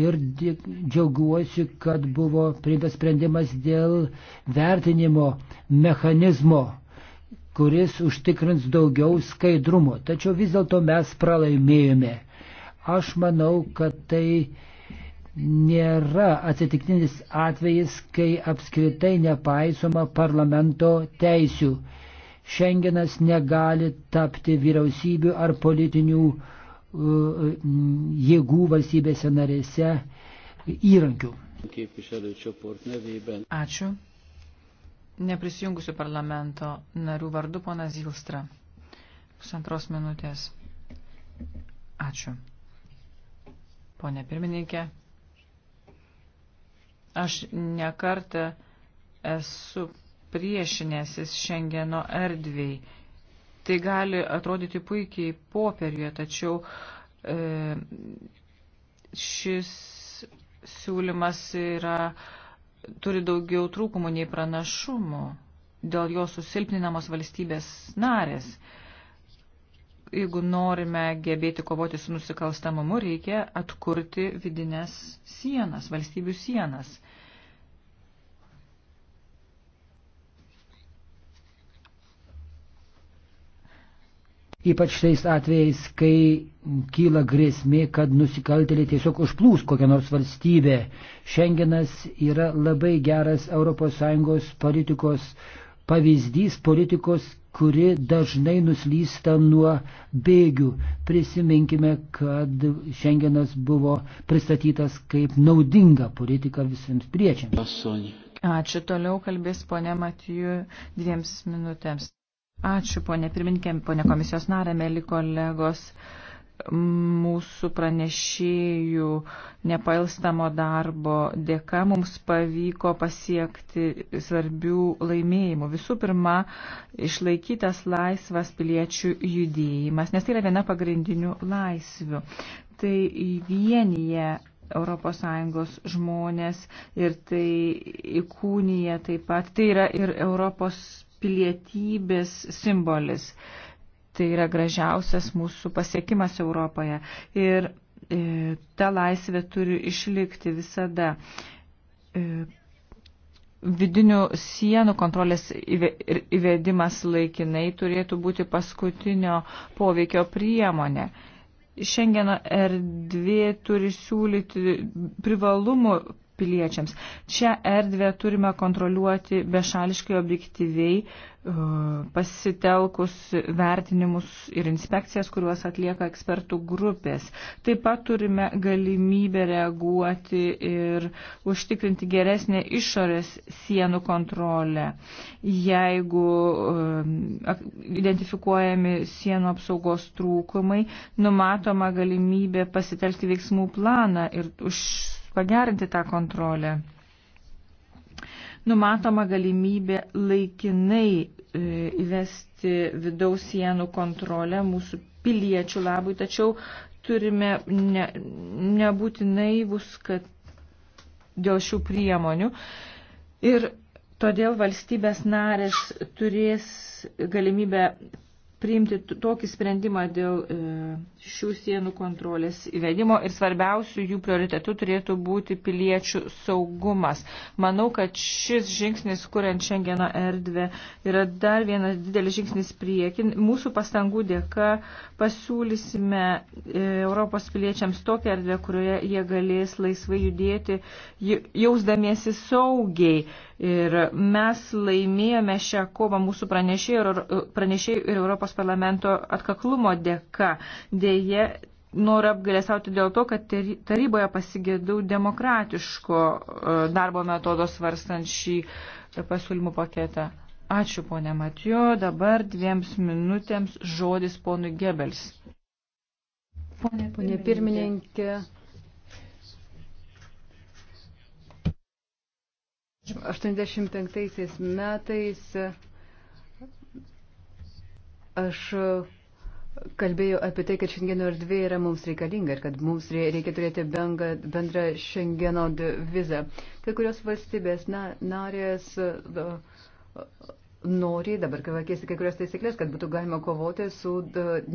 ir džiaugiuosi, kad buvo priimtas sprendimas dėl vertinimo mechanizmo kuris užtikrins daugiau skaidrumo. Tačiau vis dėlto mes pralaimėjome. Aš manau, kad tai nėra atsitiktinis atvejis, kai apskritai nepaisoma parlamento teisių. Šengenas negali tapti vyriausybių ar politinių uh, mm, jėgų valstybėse narėse įrankių. Ačiū. Neprisijungusių parlamento narių vardu ponas Zilstra. Pusantros minutės. Ačiū. Pone pirmininkė, Aš nekartą esu priešinęsis Šengeno erdviai. Tai gali atrodyti puikiai popieriuje, tačiau e, šis siūlymas yra, turi daugiau trūkumų nei pranašumų. Dėl jo susilpninamos valstybės narės. E, jeigu norime gebėti kovoti su nusikalstamumu, reikia atkurti vidinės sienas, valstybių sienas. Ypač tais atvejais, kai kyla grėsmė, kad nusikaltėliai tiesiog užplūs kokią nors valstybę. Šengenas yra labai geras ES politikos pavyzdys politikos, kuri dažnai nuslysta nuo bėgių. Prisiminkime, kad šiandienas buvo pristatytas kaip naudinga politika visiems priečiams. Ačiū, toliau kalbės ponė Matijų dviems minutėms. Ačiū, ponė pirmininkė, ponė komisijos narė, mėly kolegos mūsų pranešėjų nepailstamo darbo dėka mums pavyko pasiekti svarbių laimėjimų. Visų pirma, išlaikytas laisvas piliečių judėjimas, nes tai yra viena pagrindinių laisvių. Tai vienyje ES žmonės ir tai įkūnyje taip pat. Tai yra ir Europos pilietybės simbolis. Uh, tai yra gražiausias mūsų pasiekimas Europoje. Ir e, ta laisvė turi išlikti visada. E, vidinių sienų kontrolės įvedimas laikinai turėtų būti paskutinio poveikio priemonė. Šengeno erdvė turi siūlyti privalumų piliečiams. Čia erdvę turime kontroliuoti bešališkai objektyviai, pasitelkus vertinimus ir inspekcijas, kuriuos atlieka ekspertų grupės. Taip pat turime galimybę reaguoti ir užtikrinti geresnę išorės sienų kontrolę. Jeigu um, identifikuojami sienų apsaugos trūkumai, numatoma galimybė pasitelkti veiksmų planą ir už pagerinti tą kontrolę numatoma galimybė laikinai E, įvesti vidaus sienų kontrolę mūsų piliečių labui, tačiau turime ne, nebūti naivus, kad dėl šių priemonių. Ir todėl valstybės narės turės galimybę priimti tokį sprendimą dėl e, šių sienų kontrolės įvedimo ir svarbiausių jų prioritetų turėtų būti piliečių saugumas. Manau, kad šis žingsnis, kuriant šiandieną erdvę, yra dar vienas didelis žingsnis priekin. Mūsų pastangų dėka pasiūlysime e, Europos piliečiams tokią erdvę, kurioje jie galės laisvai judėti, jausdamiesi saugiai Ir mes laimėjome šią kovą mūsų pranešėjų ir Europos parlamento atkaklumo dėka. Dėje noriu apgalėsauti dėl to, kad taryboje pasigėdau demokratiško e, darbo metodo svarstant šį pasiūlymų paketą. Ačiū, ponė Matijo. Dabar dviems minutėms žodis ponui Gebels. Pone, pone pirmininkė. pirmininkė. 85 metais aš kalbėjau apie tai, kad šiandieno erdvė yra mums reikalinga ir kad mums reikia turėti bengą, bendrą šiandieno vizą. Kai kurios valstybės na, narės nori dabar keisti kai kurias taisyklės, kad būtų galima kovoti su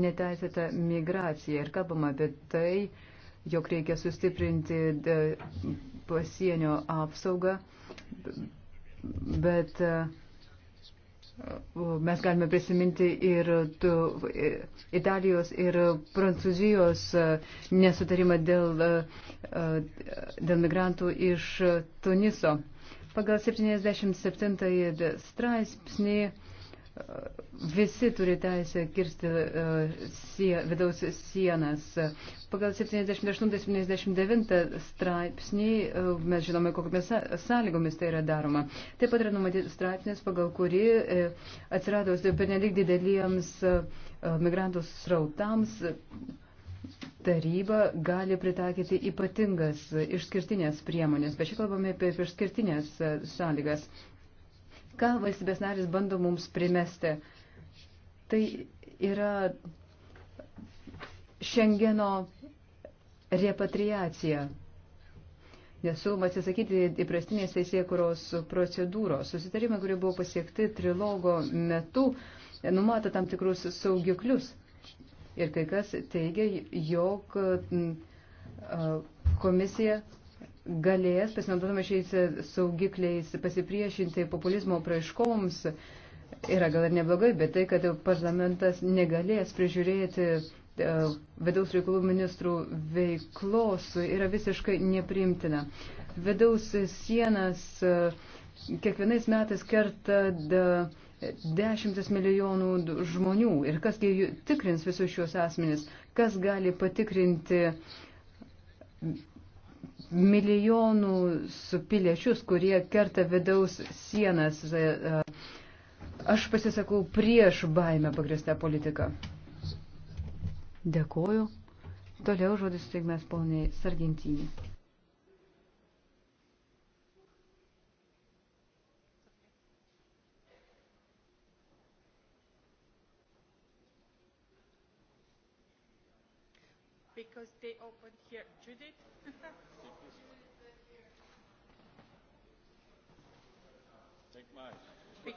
neteisėta migracija. Ir kalbama apie tai, jog reikia sustiprinti pasienio apsaugą, bet e, mes galime prisiminti ir tų, e, Italijos ir Prancūzijos e, nesutarimą dėl, dėl migrantų iš Tuniso. Pagal 77 straipsnį Visi turi teisę kirsti e, sie, vidaus sienas. Pagal 78-79 straipsnį e, mes žinome, kokiamis sąlygomis tai yra daroma. Taip pat yra numatytas straipsnis, pagal kurį e, atsiradus pernelik dideliems migrantų srautams taryba gali pritaikyti ypatingas išskirtinės priemonės. Bet čia kalbame apie išskirtinės sąlygas ką valstybės narės bando mums primesti. Tai yra Šengeno repatriacija. Nes siūloma atsisakyti įprastinės teisėkuros procedūros. Susitarimai, kurie buvo pasiekti trilogo metu, numato tam tikrus saugiklius. Ir kai kas teigia, jog mm, komisija galės, pasinaudodama šiais saugikliais, pasipriešinti populizmo praiškoms. Yra gal ir neblogai, bet tai, kad parlamentas negalės prižiūrėti e, vidaus reikalų ministrų veiklos, yra visiškai neprimtina. Vidaus sienas e, kiekvienais metais kerta dešimtis milijonų žmonių. Ir kasgi tikrins visus šios asmenys, kas gali patikrinti uh, milijonų piliečius, kurie kerta vidaus sienas. Aš pasisakau prieš baimę pagristą politiką. Dėkoju. Toliau žodis teigmės poniai Sargentinį.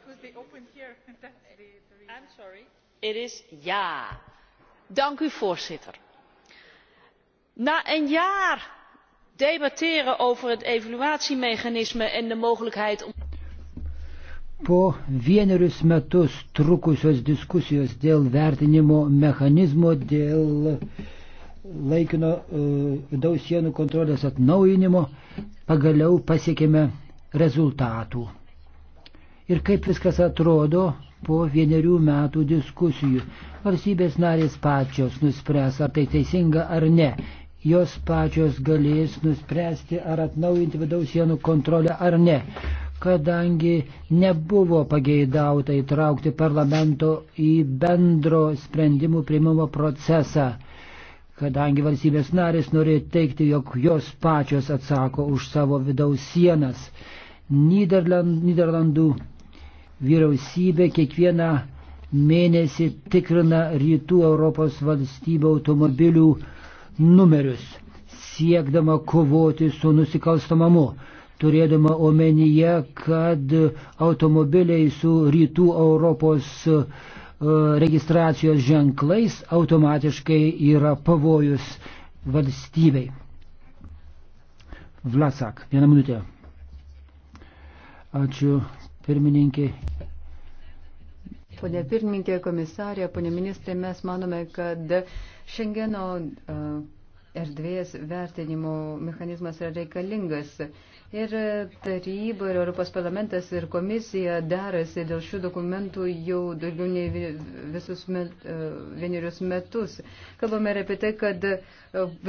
because they open here. That's the, the reason. I'm sorry. It is ja. Dank u voorzitter. Na een jaar debatteren over het evaluatiemechanisme en de mogelijkheid om. Po vienerius metus trukusios diskusijos dėl vertinimo mechanizmo, dėl uh, laikino uh, vidaus uh, sienų kontrolės atnaujinimo, pagaliau pasiekėme rezultatų ir kaip viskas atrodo po vienerių metų diskusijų. Valstybės narės pačios nuspręs, ar tai teisinga ar ne. Jos pačios galės nuspręsti, ar atnaujinti vidaus sienų kontrolę ar ne, kadangi nebuvo pageidauta įtraukti parlamento į bendro sprendimų priimimo procesą, kadangi valstybės narės norėjo teikti, jog jos pačios atsako už savo vidaus sienas. Niderland, Niderlandų vyriausybė kiekvieną mėnesį tikrina rytų Europos valstybių automobilių numerius, siekdama kovoti su nusikalstamamu, turėdama omenyje, kad automobiliai su rytų Europos e, registracijos ženklais automatiškai yra pavojus valstybei. Vlasak, vieną minutę. Ačiū pirmininkė. Pone pirmininkė, komisarė, pone ministrė, mes manome, kad Šengeno erdvės vertinimo mechanizmas yra reikalingas. Ir taryba, ir Europos parlamentas, ir komisija derasi dėl šių dokumentų jau daugiau nei visus met, e, vienerius metus. Kalbame ir apie tai, kad e,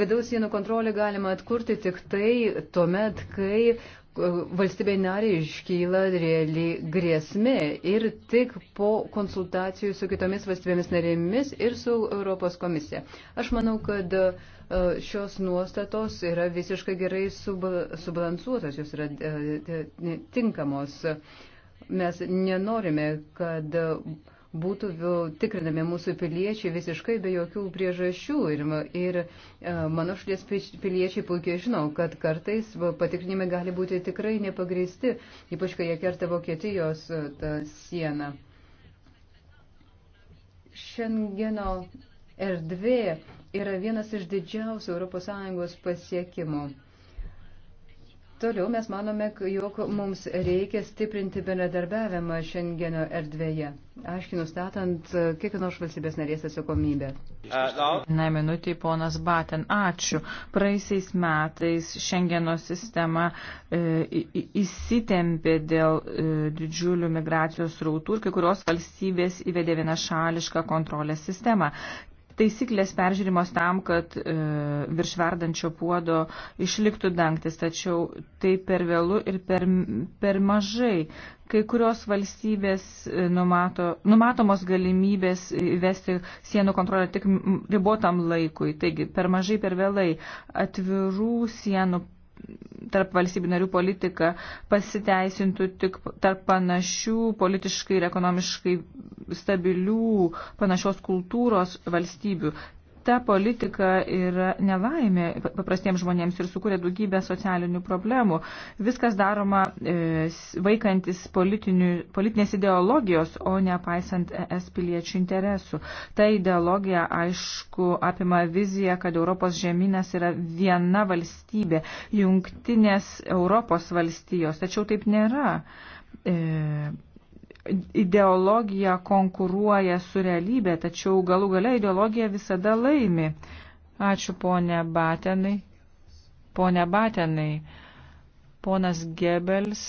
vidaus sienų kontrolę galima atkurti tik tai tuomet, kai e, valstybei nariai iškyla reali grėsmė ir tik po konsultacijų su kitomis valstybėmis narėmis ir su Europos komisija. Aš manau, kad uh, E, šios nuostatos yra visiškai gerai subalansuotos, jos yra e, e, tinkamos. Mes nenorime, kad būtų tikrinami mūsų piliečiai visiškai be jokių priežasčių. Ir, ir mano šalies piliečiai puikiai žinau, kad kartais patikrinimai gali būti tikrai nepagristi, ypač kai jie kerta Vokietijos sieną. Šengeno erdvė yra vienas iš didžiausių ES pasiekimų. Toliau mes manome, jog mums reikia stiprinti bendradarbiavimą Šengeno erdvėje, aiškiai nustatant e, kiekvienos valstybės narės atsakomybę. Na, minutį, ponas Baten, ačiū. Praeisiais metais Šengeno sistema e, įsitempė dėl e, didžiulių migracijos rautų ir kai kurios valstybės įvedė vieną šališką kontrolės sistemą. Taisyklės peržiūrimos tam, kad e, virš verdančio puodo išliktų dangtis, tačiau tai per vėlų ir per, per mažai. Kai kurios valstybės e, numato, numatomos galimybės įvesti sienų kontrolę tik ribotam laikui, taigi per mažai, per vėlai atvirų sienų tarp valstybių narių politika pasiteisintų tik tarp panašių politiškai ir ekonomiškai stabilių panašios kultūros valstybių ta politika yra nelaimė paprastiems žmonėms ir sukuria daugybę socialinių problemų. Viskas daroma e, vaikantis politinės ideologijos, o nepaisant es piliečių interesų. Ta ideologija, aišku, apima viziją, kad Europos žemynas yra viena valstybė, jungtinės Europos valstijos, tačiau taip nėra. E, ideologija konkuruoja su realybė, tačiau galų gale ideologija visada laimi. Ačiū ponė Batenai. Pone Batenai, ponas Gebels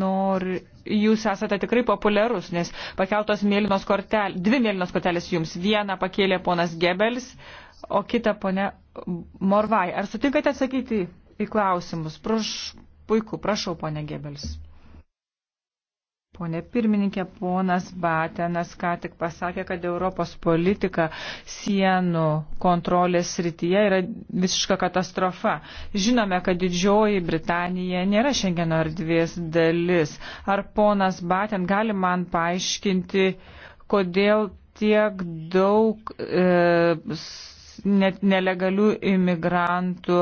nori. Jūs esate tikrai populiarus, nes pakeltos mėlynos kortelės, dvi mėlynos kortelės jums. Vieną pakėlė ponas Gebels, o kitą ponė Morvai. Ar sutinkate atsakyti į klausimus? Praš, puiku, prašau, ponė Gebels. Pone pirmininkė, ponas Batenas ką tik pasakė, kad Europos politika sienų kontrolės srityje yra visiška katastrofa. Žinome, kad Didžioji Britanija nėra Šengeno erdvės dalis. Ar ponas Baten gali man paaiškinti, kodėl tiek daug e, net nelegalių imigrantų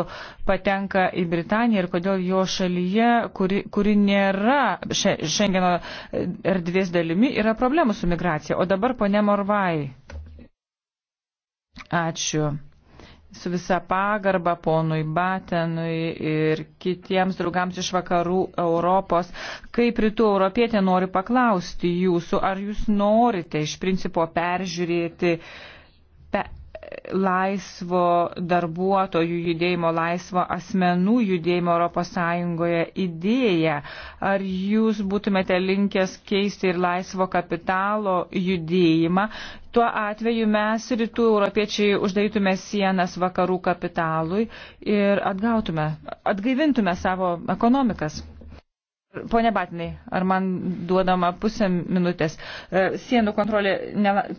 patenka į Britaniją ir kodėl jo šalyje, kuri, kuri nėra Šengeno erdvės dalimi, yra problemų su migracija. O dabar ponė Morvai. Ačiū su visa pagarba ponui Batenui ir kitiems draugams iš vakarų Europos. Kaip rytų europietė noriu paklausti jūsų, ar jūs norite iš principo peržiūrėti pe, laisvo darbuotojų judėjimo, laisvo asmenų judėjimo ES idėją. Ar jūs būtumėte linkęs keisti ir laisvo kapitalo judėjimą? Tuo atveju mes rytų europiečiai uždarytume sienas vakarų kapitalui ir atgautume, atgaivintume savo ekonomikas. Pone Batinai, ar man duodama pusę minutės? E, sienų kontrolė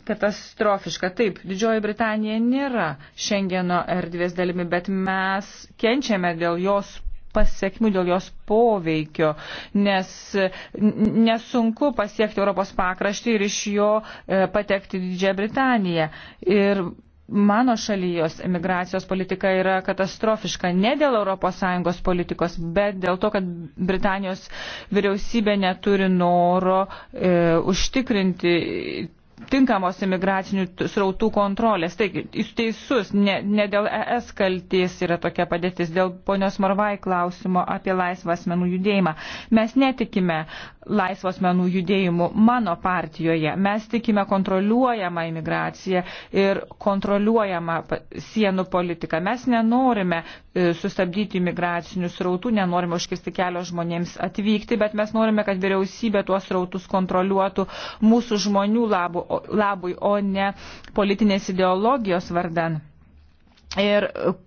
katastrofiška. Taip, Didžioji Britanija nėra Šengeno erdvės dalimi, bet mes kenčiame dėl jos pasiekmių, dėl jos poveikio, nes nesunku pasiekti Europos pakraštį ir iš jo e, patekti Didžiąją Britaniją. Ir mano šalyjos emigracijos politika yra katastrofiška ne dėl ES politikos, bet dėl to, kad Britanijos vyriausybė neturi noro e, užtikrinti tinkamos imigracinių srautų kontrolės. Taigi, jūs teisus, ne, ne dėl ES kalties yra tokia padėtis, dėl ponios Marvai klausimo apie laisvą asmenų judėjimą. Mes netikime laisvą asmenų judėjimu mano partijoje. Mes tikime kontroliuojamą imigraciją ir kontroliuojamą sienų politiką. Mes nenorime e, sustabdyti imigracinių srautų, nenorime užkirsti kelio žmonėms atvykti, bet mes norime, kad vyriausybė tuos srautus kontroliuotų mūsų žmonių labų labui, o ne politinės ideologijos vardan. Ir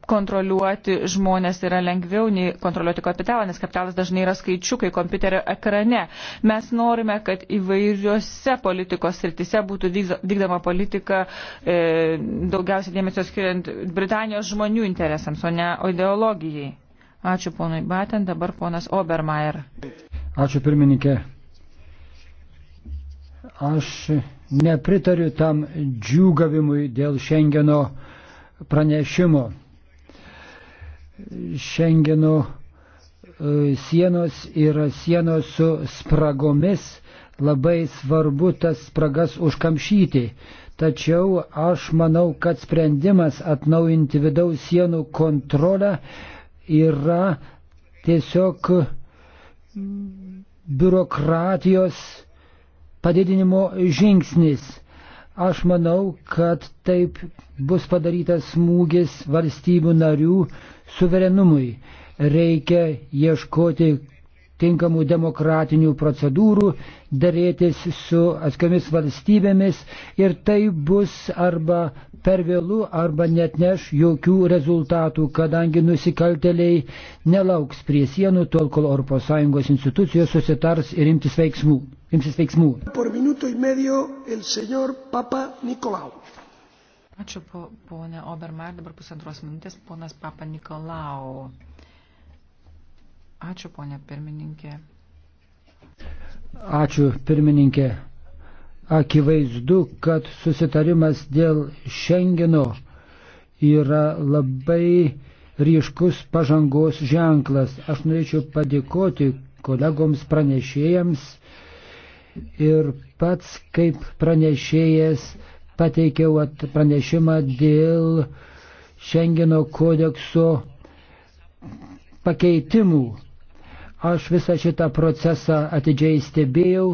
kontroliuoti žmonės yra lengviau nei kontroliuoti kapitalą, nes kapitalas dažnai yra skaičiukai kompiuterio ekrane. Mes norime, kad įvairiuose politikos sritise būtų vykdoma politika e, daugiausiai dėmesio skiriant Britanijos žmonių interesams, o ne ideologijai. Ačiū ponui Baten, dabar ponas Obermeier. Ačiū pirmininkė. Aš nepritariu tam džiūgavimui dėl Šengeno pranešimo. Šengeno e, sienos yra sienos su spragomis, labai svarbu tas spragas užkamšyti. Tačiau aš manau, kad sprendimas atnaujinti vidaus sienų kontrolę yra tiesiog biurokratijos padidinimo žingsnis. Aš manau, kad taip bus padarytas smūgis valstybių narių suverenumui. Reikia ieškoti tinkamų demokratinių procedūrų, dėrėtis su atskiomis valstybėmis ir tai bus arba per vėlų, arba net neš jokių rezultatų, kadangi nusikalteliai nelauks prie sienų tol, kol ES institucijos susitars ir imtis veiksmų imsis veiksmų. Medio, Ačiū, po, ponė Obermar, dabar pusantros minutės, ponas Papa Nikolau. Ačiū, ponė pirmininkė. Ačiū, pirmininkė. Akivaizdu, kad susitarimas dėl Šengino yra labai ryškus pažangos ženklas. Aš norėčiau padėkoti kolegoms pranešėjams, ir pats kaip pranešėjas pateikiau pranešimą dėl Šengeno kodekso pakeitimų. Aš visą šitą procesą atidžiai stebėjau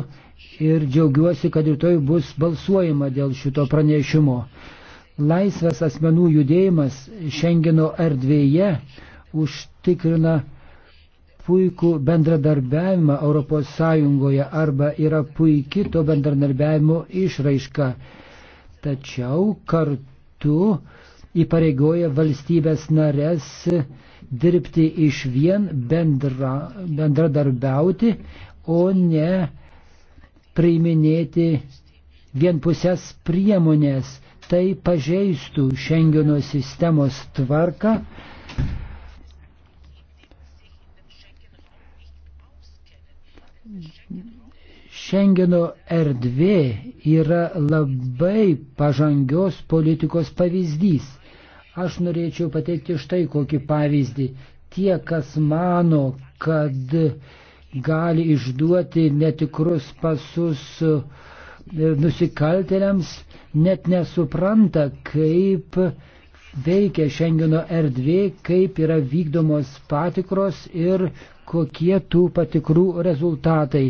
ir džiaugiuosi, kad rytoj bus balsuojama dėl šito pranešimo. Laisvas asmenų judėjimas Šengeno erdvėje užtikrina puikų bendradarbiavimą ES arba yra puikiai to bendradarbiavimo išraiška. Tačiau kartu įpareigoja valstybės narės dirbti iš vien bendra, bendradarbiauti, o ne priiminėti vienpusės priemonės. Tai pažeistų Šengeno sistemos tvarką, Šengeno erdvė yra labai pažangios politikos pavyzdys. Aš norėčiau pateikti štai kokį pavyzdį. Tie, kas mano, kad gali išduoti netikrus pasus e, nusikaltėliams, net nesupranta, kaip veikia Šengeno erdvė, kaip yra vykdomos patikros ir kokie tų patikrų rezultatai.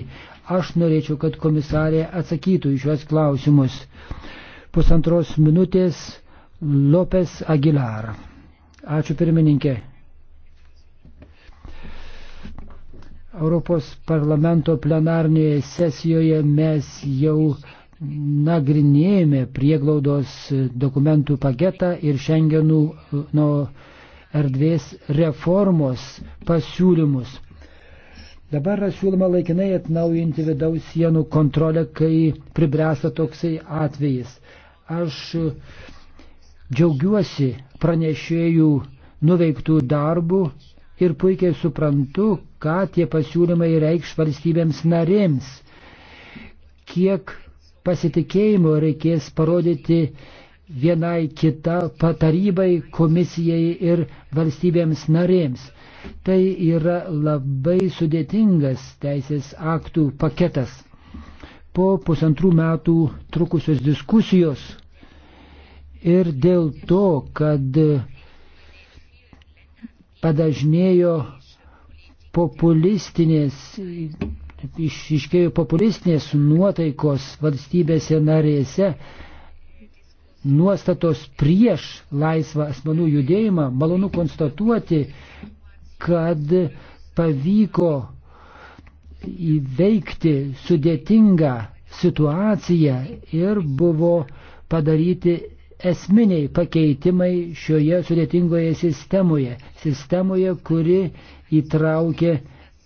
Aš norėčiau, kad komisarė atsakytų į šios klausimus. Pusantros minutės Lopes Aguilar. Ačiū pirmininkė. Europos parlamento plenarnėje sesijoje mes jau nagrinėjame prieglaudos dokumentų paketą ir šengenų nuo erdvės reformos pasiūlymus. Dabar siūloma laikinai atnaujinti vidaus sienų kontrolę, kai pribręsta toksai atvejis. Aš džiaugiuosi pranešėjų nuveiktų darbų ir puikiai suprantu, ką tie pasiūlymai reikš valstybėms narėms, kiek pasitikėjimo reikės parodyti vienai kita patarybai, komisijai ir valstybėms narėms. Tai yra labai sudėtingas teisės aktų paketas. Po pusantrų metų trukusios diskusijos ir dėl to, kad padažnėjo populistinės, išiškėjo populistinės nuotaikos valstybėse narėse, nuostatos prieš laisvą asmenų judėjimą, malonu konstatuoti, kad pavyko įveikti sudėtingą situaciją ir buvo padaryti esminiai pakeitimai šioje sudėtingoje sistemoje. Sistemoje, kuri įtraukia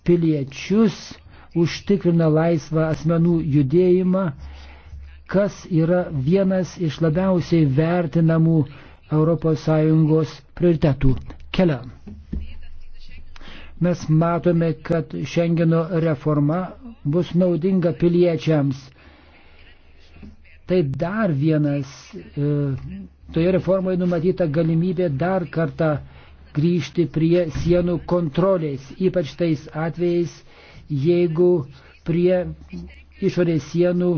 piliečius, užtikrina laisvą asmenų judėjimą, kas yra vienas iš labiausiai vertinamų ES prioritetų. Keliam mes matome, kad Šengeno reforma bus naudinga piliečiams. Tai dar vienas, e, toje reformoje numatyta galimybė dar kartą grįžti prie sienų kontrolės, ypač tais atvejais, jeigu prie išorės sienų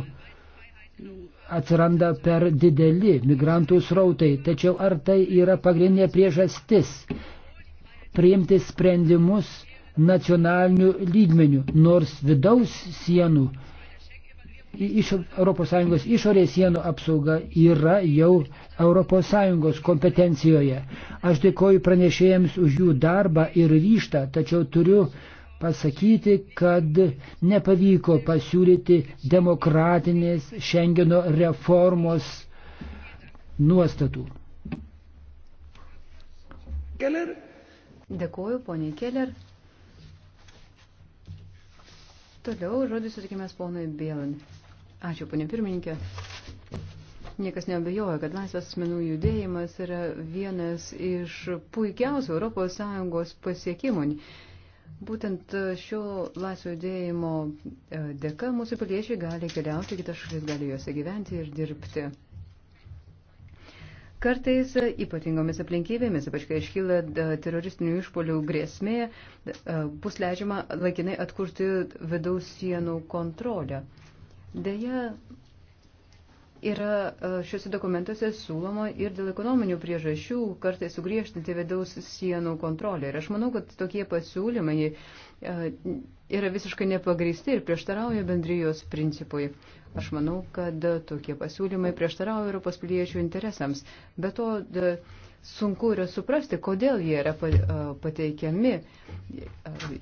atsiranda per dideli migrantų srautai. Tačiau ar tai yra pagrindinė priežastis? priimti sprendimus nacionaliniu lygmeniu, nors vidaus sienų, iš ES išorės sienų apsauga yra jau ES kompetencijoje. Aš dėkoju pranešėjams už jų darbą ir ryštą, tačiau turiu pasakyti, kad nepavyko pasiūlyti demokratinės Šengeno reformos nuostatų. Keller Dėkuoju, poniai Keller. Toliau žodį sutikimės ponui Bėlan. Ačiū, ponė pirmininkė. Niekas neabejoja, kad laisvės asmenų judėjimas yra vienas iš puikiausių ES pasiekimų. Būtent šio laisvo judėjimo e, dėka mūsų piliečiai gali keliauti, kitas šalis gali juose gyventi ir dirbti. Kartais e, ypatingomis aplinkybėmis, ypač kai iškyla e, teroristinių išpolių grėsmė, e, bus leidžiama laikinai atkurti vidaus sienų kontrolę. Deja, yra šiuose dokumentuose siūloma ir dėl ekonominių priežasčių kartais sugriežtinti vidaus sienų kontrolę. Ir aš manau, kad tokie pasiūlymai yra visiškai nepagristi ir prieštarauja bendrijos principui. Aš manau, kad tokie pasiūlymai prieštarauja Europos piliečių interesams. Be to, sunku yra suprasti, kodėl jie yra pateikiami,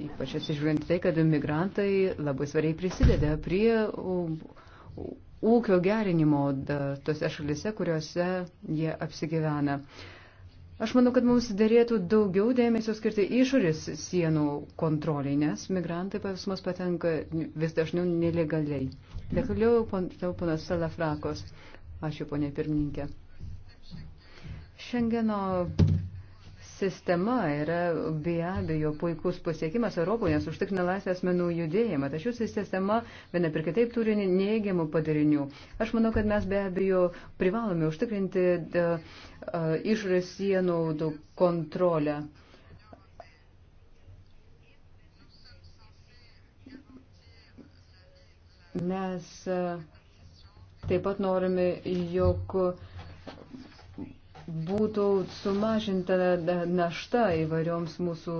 ypač atsižvelgiant tai, kad migrantai labai svariai prisideda prie ūkio gerinimo tose šalise, kuriuose jie apsigyvena. Aš manau, kad mums dėrėtų daugiau dėmesio skirti išorės sienų kontroliai, nes migrantai pas mus patenka vis dažniau nelegaliai. Dėkuliau, ponas Salafrakos. Ačiū, ponė pirmininkė. Šengeno sistema yra be abejo puikus pasiekimas Europoje, nes užtikrina laisvę asmenų judėjimą. Tačiau ši sistema viena per kitaip turi neigiamų padarinių. Aš manau, kad mes be abejo privalome užtikrinti išorės sienų kontrolę. Mes taip pat norime, jog būtų sumažinta našta įvairioms mūsų,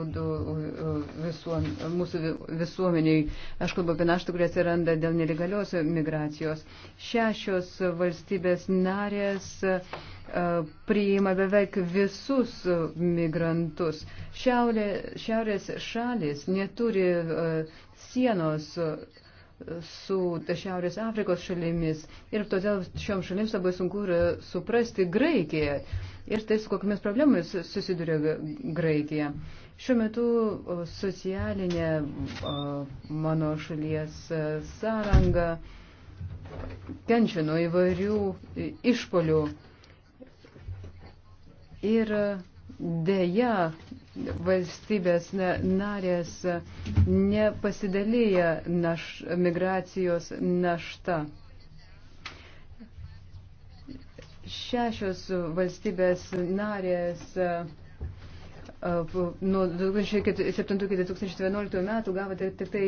visuom, mūsų visuomeniai. Aš kalbu apie naštą, kurie atsiranda dėl nelegalios migracijos. Šešios valstybės narės priima beveik visus migrantus. Šiaurė, šiaurės šalis neturi sienos su Šiaurės Afrikos šalimis ir todėl šioms šalims labai sunku yra suprasti Graikiją ir tai su kokiamis problemomis susiduria Graikija. Šiuo metu socialinė mano šalies e, sąranga kenčia nuo įvairių e, išpolių ir Deja, valstybės narės nepasidalyja naš, migracijos našta. Šešios valstybės narės nuo 2007-2011 metų gavo tik tai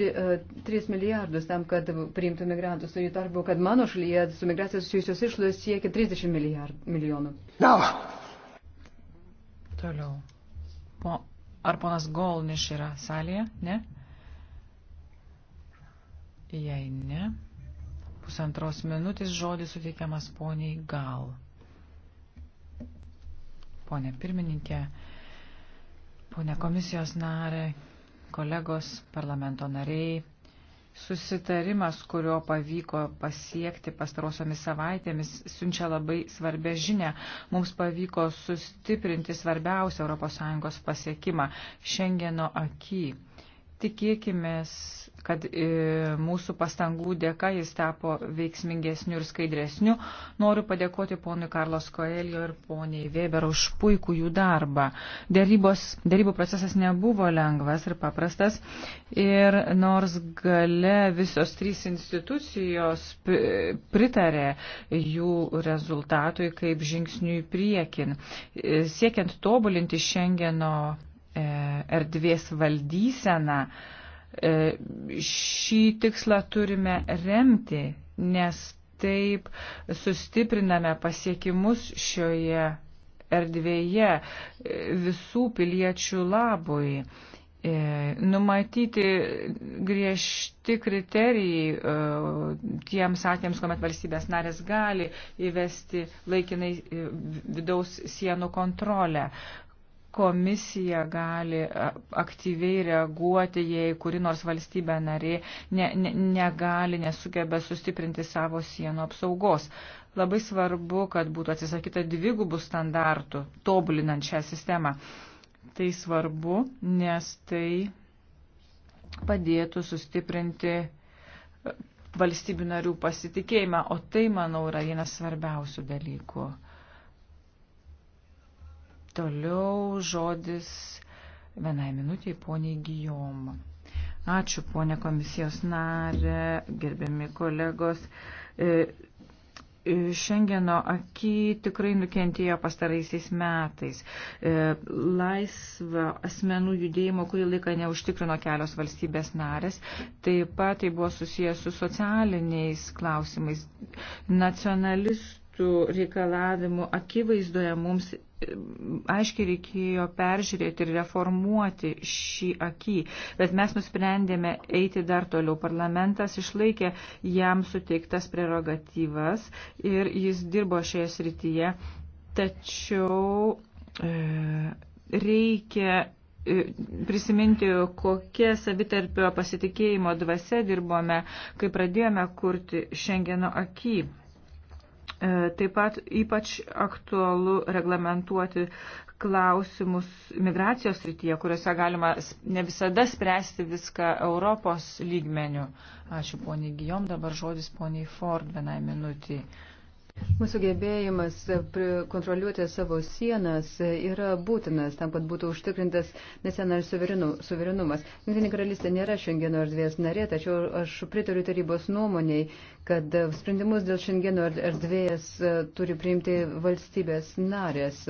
3 milijardus tam, kad priimtų migrantus. Ir tarpu, kad mano šalyje su migracija susijusios išlaidos siekia 30 milijonų. Now. Toliau. Po, ar ponas Golniš yra salėje? Ne? Jei ne, pusantros minutės žodis suteikiamas poniai gal. Pone pirmininkė, pone komisijos narė, kolegos, parlamento nariai, Susitarimas, kurio pavyko pasiekti pastarosiomis savaitėmis, siunčia labai svarbę žinę. Mums pavyko sustiprinti svarbiausią ES pasiekimą - Šengeno akį. Tikėkime kad e, mūsų pastangų dėka jis tapo veiksmingesniu ir skaidresniu. Noriu padėkoti ponui Karlos Koelio ir poniai Weber už puikų jų darbą. Dėrybos, dėrybų procesas nebuvo lengvas ir paprastas ir nors gale visos trys institucijos pritarė jų rezultatui kaip žingsniui priekin. E, siekiant tobulinti Šengeno e, erdvės valdyseną, E, šį tikslą turime remti, nes taip sustipriname pasiekimus šioje erdvėje e, visų piliečių labui. E, numatyti griežti kriterijai tiems atvejams, kuomet valstybės narės gali įvesti laikinai vidaus sienų kontrolę komisija gali aktyviai reaguoti, jei kuri nors valstybė narė ne, ne, negali, nesugeba sustiprinti savo sienų apsaugos. Labai svarbu, kad būtų atsisakyta dvigubų standartų, tobulinant šią sistemą. Tai svarbu, nes tai padėtų sustiprinti valstybių narių pasitikėjimą, o tai, manau, yra vienas svarbiausių dalykų. Toliau žodis vienai minutiai poniai Gijom. Ačiū, ponė komisijos narė, gerbiami kolegos. E, e, Šengeno aky tikrai nukentėjo pastaraisiais metais. E, laisvą asmenų judėjimo kurį laiką neužtikrino kelios valstybės narės. Taip pat tai buvo susijęs su socialiniais klausimais. Nacionalistų reikalavimų akivaizdoje mums aiškiai reikėjo peržiūrėti ir reformuoti šį akį, bet mes nusprendėme eiti dar toliau. Parlamentas išlaikė jam suteiktas prerogatyvas ir jis dirbo šioje srityje, tačiau e, reikia e, prisiminti, kokia savitarpio pasitikėjimo dvasia dirbome, kai pradėjome kurti Šengeno akį. E, taip pat ypač aktualu reglamentuoti klausimus migracijos rytyje, kuriuose galima ne visada spręsti viską Europos lygmenių. Ačiū poniai Gijom, dabar žodis poniai Ford vienai minutiai. Mūsų gebėjimas kontroliuoti savo sienas yra būtinas tam, kad būtų užtikrintas nacionalinis suverinu, suverenumas. Jungtinė karalystė nėra Šengeno erdvės narė, tačiau aš pritariu tarybos nuomoniai, kad sprendimus dėl Šengeno erdvės e, turi priimti valstybės narės.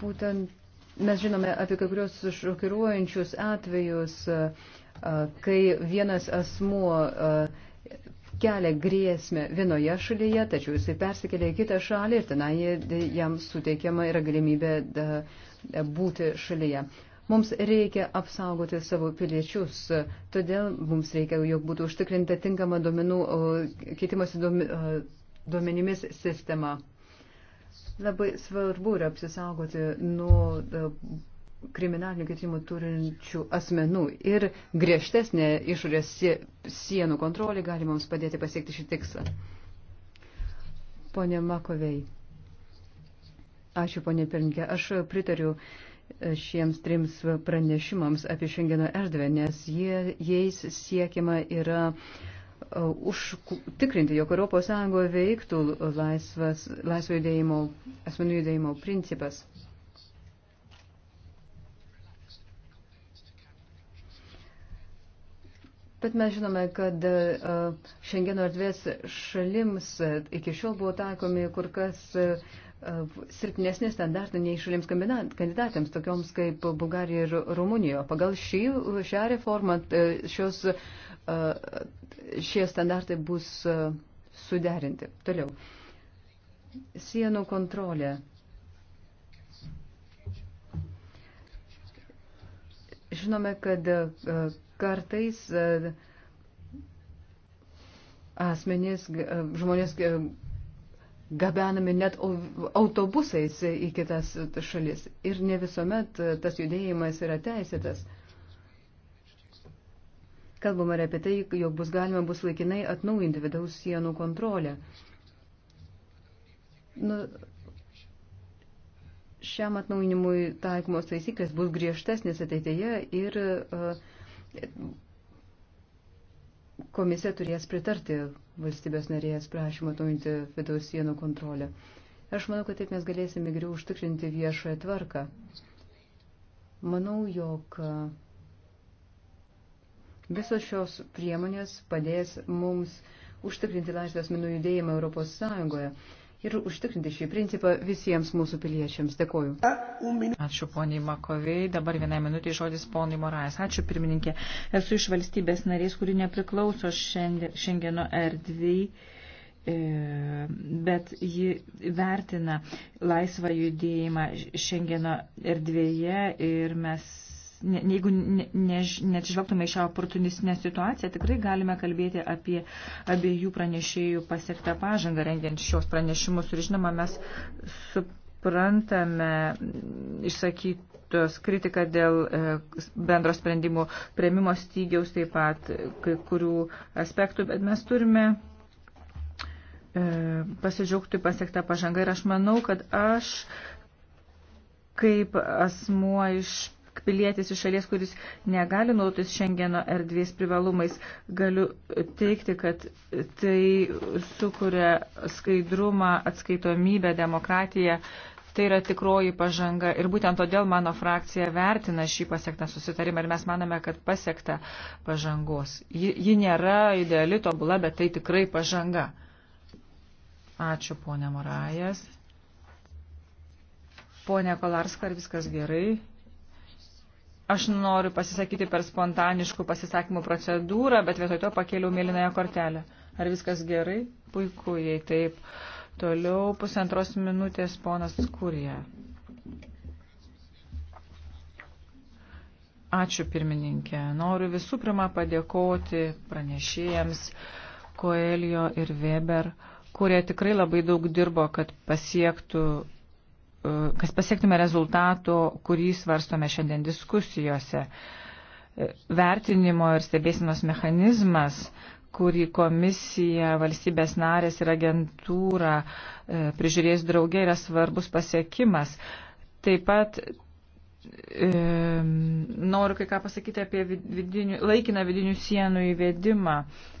Būtent mes žinome apie kai kurios šokiruojančius atvejus, e, kai vienas asmuo e, kelia grėsmę vienoje šalyje, tačiau jisai persikelia į kitą šalį ir tenai jam suteikiama yra galimybė būti šalyje. Mums reikia apsaugoti savo piliečius, todėl mums reikia, jog būtų užtikrinta tinkama duomenų, keitimosi duomenimis sistema. Labai svarbu yra apsisaugoti nuo kriminalinių ketimų turinčių asmenų ir griežtesnė išorės sienų kontrolė gali mums padėti pasiekti šį tikslą. Pone Makovei, ačiū ponė Pirmke, aš pritariu e, šiems trims pranešimams apie Šengeno erdvę, nes jie, jais siekiama yra e, užtikrinti, jog ES veiktų laisvas, laisvo judėjimo, asmenų judėjimo principas. Bet mes žinome, kad e, Šengeno erdvės šalims e, iki šiol buvo taikomi kur kas e, silpnesnė standartai nei šalims kandidatėms, tokioms kaip Bulgarija ir Rumunija. Pagal šį, šią reformą šios, šie standartai bus suderinti. Toliau. Sienų kontrolė. Žinome, kad kartais e, asmenys, e, žmonės gabenami net autobusais į kitas šalis. Ir ne visuomet e, tas judėjimas yra teisėtas. Kalbama apie tai, jog bus galima bus laikinai atnaujinti vidaus sienų kontrolę. Nu, šiam atnaujinimui taikomos taisyklės bus griežtesnės ateityje ir uh, Komisija turės pritarti valstybės narės prašymą atnaujinti vidaus sienų kontrolę. Aš manau, kad taip mes galėsime geriau užtikrinti viešąją tvarką. Manau, jog visos šios priemonės padės mums užtikrinti laisvės minų judėjimą Europos Sąjungoje ir užtikrinti šį principą visiems mūsų piliečiams. Dėkoju. Ačiū poniai Makovei. Dabar vienai minutė žodis ponai Morais. Ačiū pirmininkė. Esu iš valstybės narės, kuri nepriklauso šiandieno erdvėjai e, bet ji vertina laisvą judėjimą Šengeno erdvėje ir mes ne, jeigu ne, ne, neatsižvelgtume į šią oportunistinę situaciją, tikrai galime kalbėti apie abiejų pranešėjų pasiektą pažangą rengiant šios pranešimus. Ir žinoma, mes suprantame išsakytos kritiką dėl e, bendro sprendimų prieimimo stygiaus, taip pat kai kurių aspektų, bet mes turime e, pasidžiaugti pasiektą pažangą ir aš manau, kad aš kaip asmuo iš pilietis iš šalies, kuris negali naudotis Šengeno erdvės privalumais, galiu teikti, kad tai sukuria skaidrumą, atskaitomybę, demokratiją. Tai yra tikroji pažanga ir būtent todėl mano frakcija vertina šį pasiektą susitarimą ir mes manome, kad pasiekta pažangos. Ji, ji nėra ideali tobula, bet tai tikrai pažanga. Ačiū, ponė Morajas. Pone Kolarska, ar viskas gerai? Aš noriu pasisakyti per spontaniškų pasisakymų procedūrą, bet vietoj to pakėliau mėlynąją kortelę. Ar viskas gerai? Puiku, jei taip. Toliau pusantros minutės ponas Kurija. Ačiū pirmininkė. Noriu visų pirma padėkoti pranešėjams Koelio ir Weber, kurie tikrai labai daug dirbo, kad pasiektų E, kad pasiektume rezultato, kurį svarstome šiandien diskusijose. E, vertinimo ir stebėsinos mechanizmas, kurį komisija, valstybės narės ir agentūra e, prižiūrės draugė, yra svarbus pasiekimas. Taip pat e, noriu kai ką pasakyti apie vidinių, laikiną vidinių sienų įvedimą. E,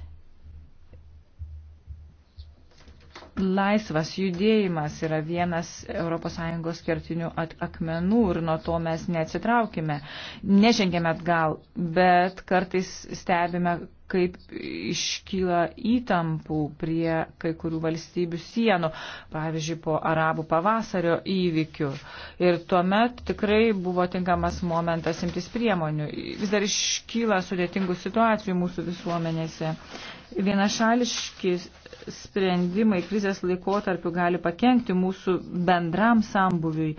Laisvas judėjimas yra vienas ES kertinių akmenų ir nuo to mes neatsitraukime. Nežengėme atgal, bet kartais stebime, kaip iškyla įtampų prie kai kurių valstybių sienų, pavyzdžiui, po arabų pavasario įvykių. Ir tuomet tikrai buvo tinkamas momentas imtis priemonių. Vis dar iškyla sudėtingų situacijų mūsų visuomenėse. Vienašališkis sprendimai krizės laikotarpiu gali pakengti mūsų bendram sambuviui,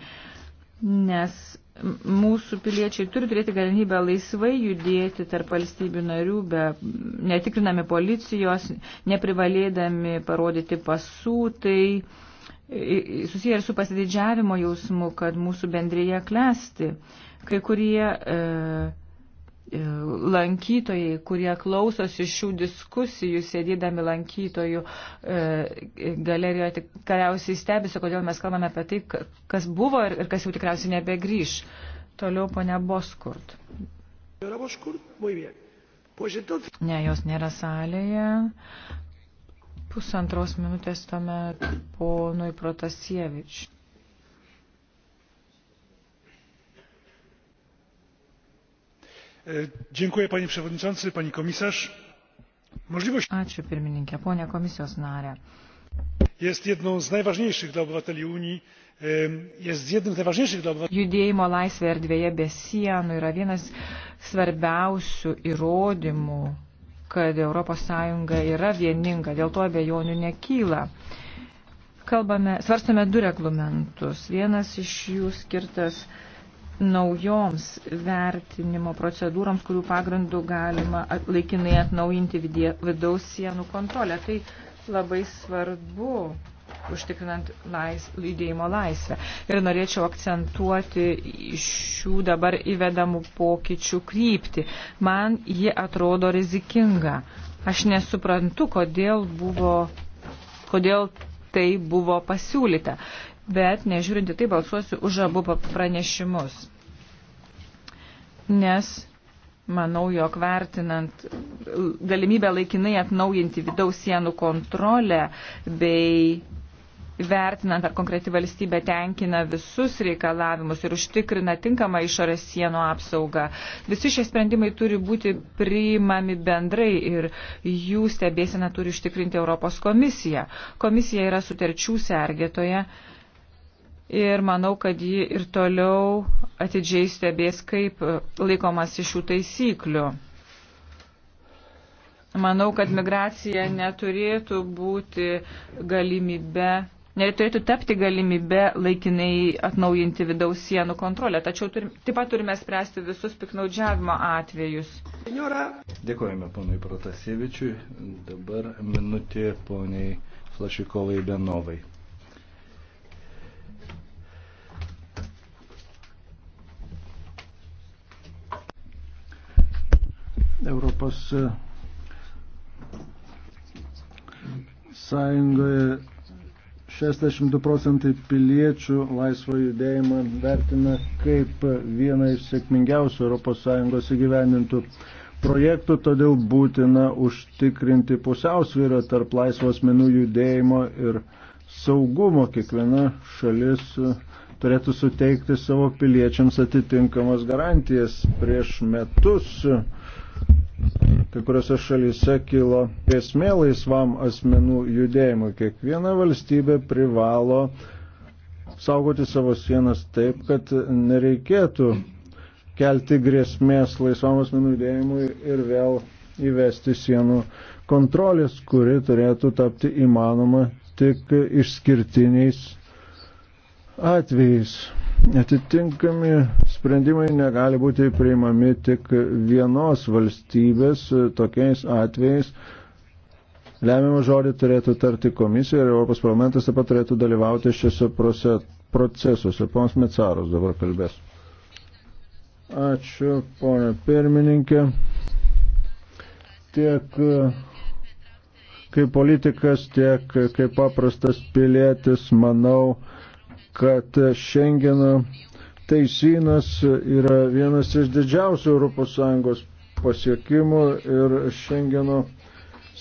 nes mūsų piliečiai turi turėti galimybę laisvai judėti tarp valstybių narių, be netikrinami policijos, neprivalėdami parodyti pasų, tai susiję ir su pasididžiavimo jausmu, kad mūsų bendrėje klesti. Kai kurie e, E, lankytojai, kurie klausosi šių diskusijų, sėdydami lankytojų e, galerijoje, tikriausiai stebisi, kodėl mes kalbame apie tai, kas buvo ir, ir kas jau tikriausiai nebegrįž. Toliau ponia Boskurt. Ne, jos nėra salėje. Pusantros minutės tuomet ponui Protasievičiui. E, dziękuję, panie przewodniczący, pani komisarz. Możliwość... Ačiū pirmininkė, ponė komisijos narė. Jest jedną z najważniejszych dla obywateli Unii e, jest jednym z najważniejszych dla obywateli. Judėjimo laisvė erdvėje be sienų yra vienas svarbiausių įrodymų, kad ES yra vieninga, dėl to abejonių nekyla. Kalbame, svarstame du reglamentus. Vienas iš jų skirtas naujoms vertinimo procedūroms, kurių pagrindų galima laikinai atnaujinti vidaus sienų kontrolę. Tai labai svarbu užtikrinant lais, judėjimo laisvę. Ir norėčiau akcentuoti šių dabar įvedamų pokyčių kryptį. Man ji atrodo rizikinga. Aš nesuprantu, kodėl, buvo, kodėl tai buvo pasiūlyta bet nežiūrinti tai balsuosiu už abu pranešimus. Nes manau, jog vertinant galimybę laikinai atnaujinti vidaus sienų kontrolę bei vertinant, ar konkreti valstybė tenkina visus reikalavimus ir užtikrina tinkamą išorės sienų apsaugą. Visi šie sprendimai turi būti priimami bendrai ir jų stebėsena turi užtikrinti Europos komisija. Komisija yra sutarčių sergėtoje. Se ir manau, kad ji ir toliau atidžiai stebės, kaip laikomas iš šių taisyklių. Manau, kad migracija neturėtų būti galimybe, neturėtų tapti galimybe laikinai atnaujinti vidaus sienų kontrolę. Tačiau turim, taip pat turime spręsti visus piknaudžiavimo atvejus. Senora. Dėkojame ponui Protasievičiui. Dabar minutė poniai Flašikovai Benovai. Europos e, Sąjungoje 62 procentai piliečių laisvo judėjimą vertina kaip vieną iš sėkmingiausių ES įgyvendintų projektų, todėl būtina užtikrinti pusiausvyrą tarp laisvo asmenų judėjimo ir saugumo. Kiekviena šalis e, turėtų suteikti savo piliečiams atitinkamas garantijas. Prieš metus kai kuriuose šalyse kilo grėsmė laisvam asmenų judėjimui. Kiekviena valstybė privalo saugoti savo sienas taip, kad nereikėtų kelti grėsmės laisvam asmenų judėjimui ir vėl įvesti sienų kontrolės, kuri turėtų tapti įmanoma tik išskirtiniais atvejais. Atitinkami sprendimai negali būti priimami tik vienos valstybės tokiais atvejais. Lemiamą žodį turėtų tarti komisija ir Europos parlamentas taip pat turėtų dalyvauti šiuose procesuose. Ponas Mecaros dabar kalbės. Ačiū, ponė pirmininkė. Tiek kaip politikas, tiek kaip paprastas pilietis, manau, kad Šengeno teisynas yra vienas iš didžiausių ES pasiekimų ir Šengeno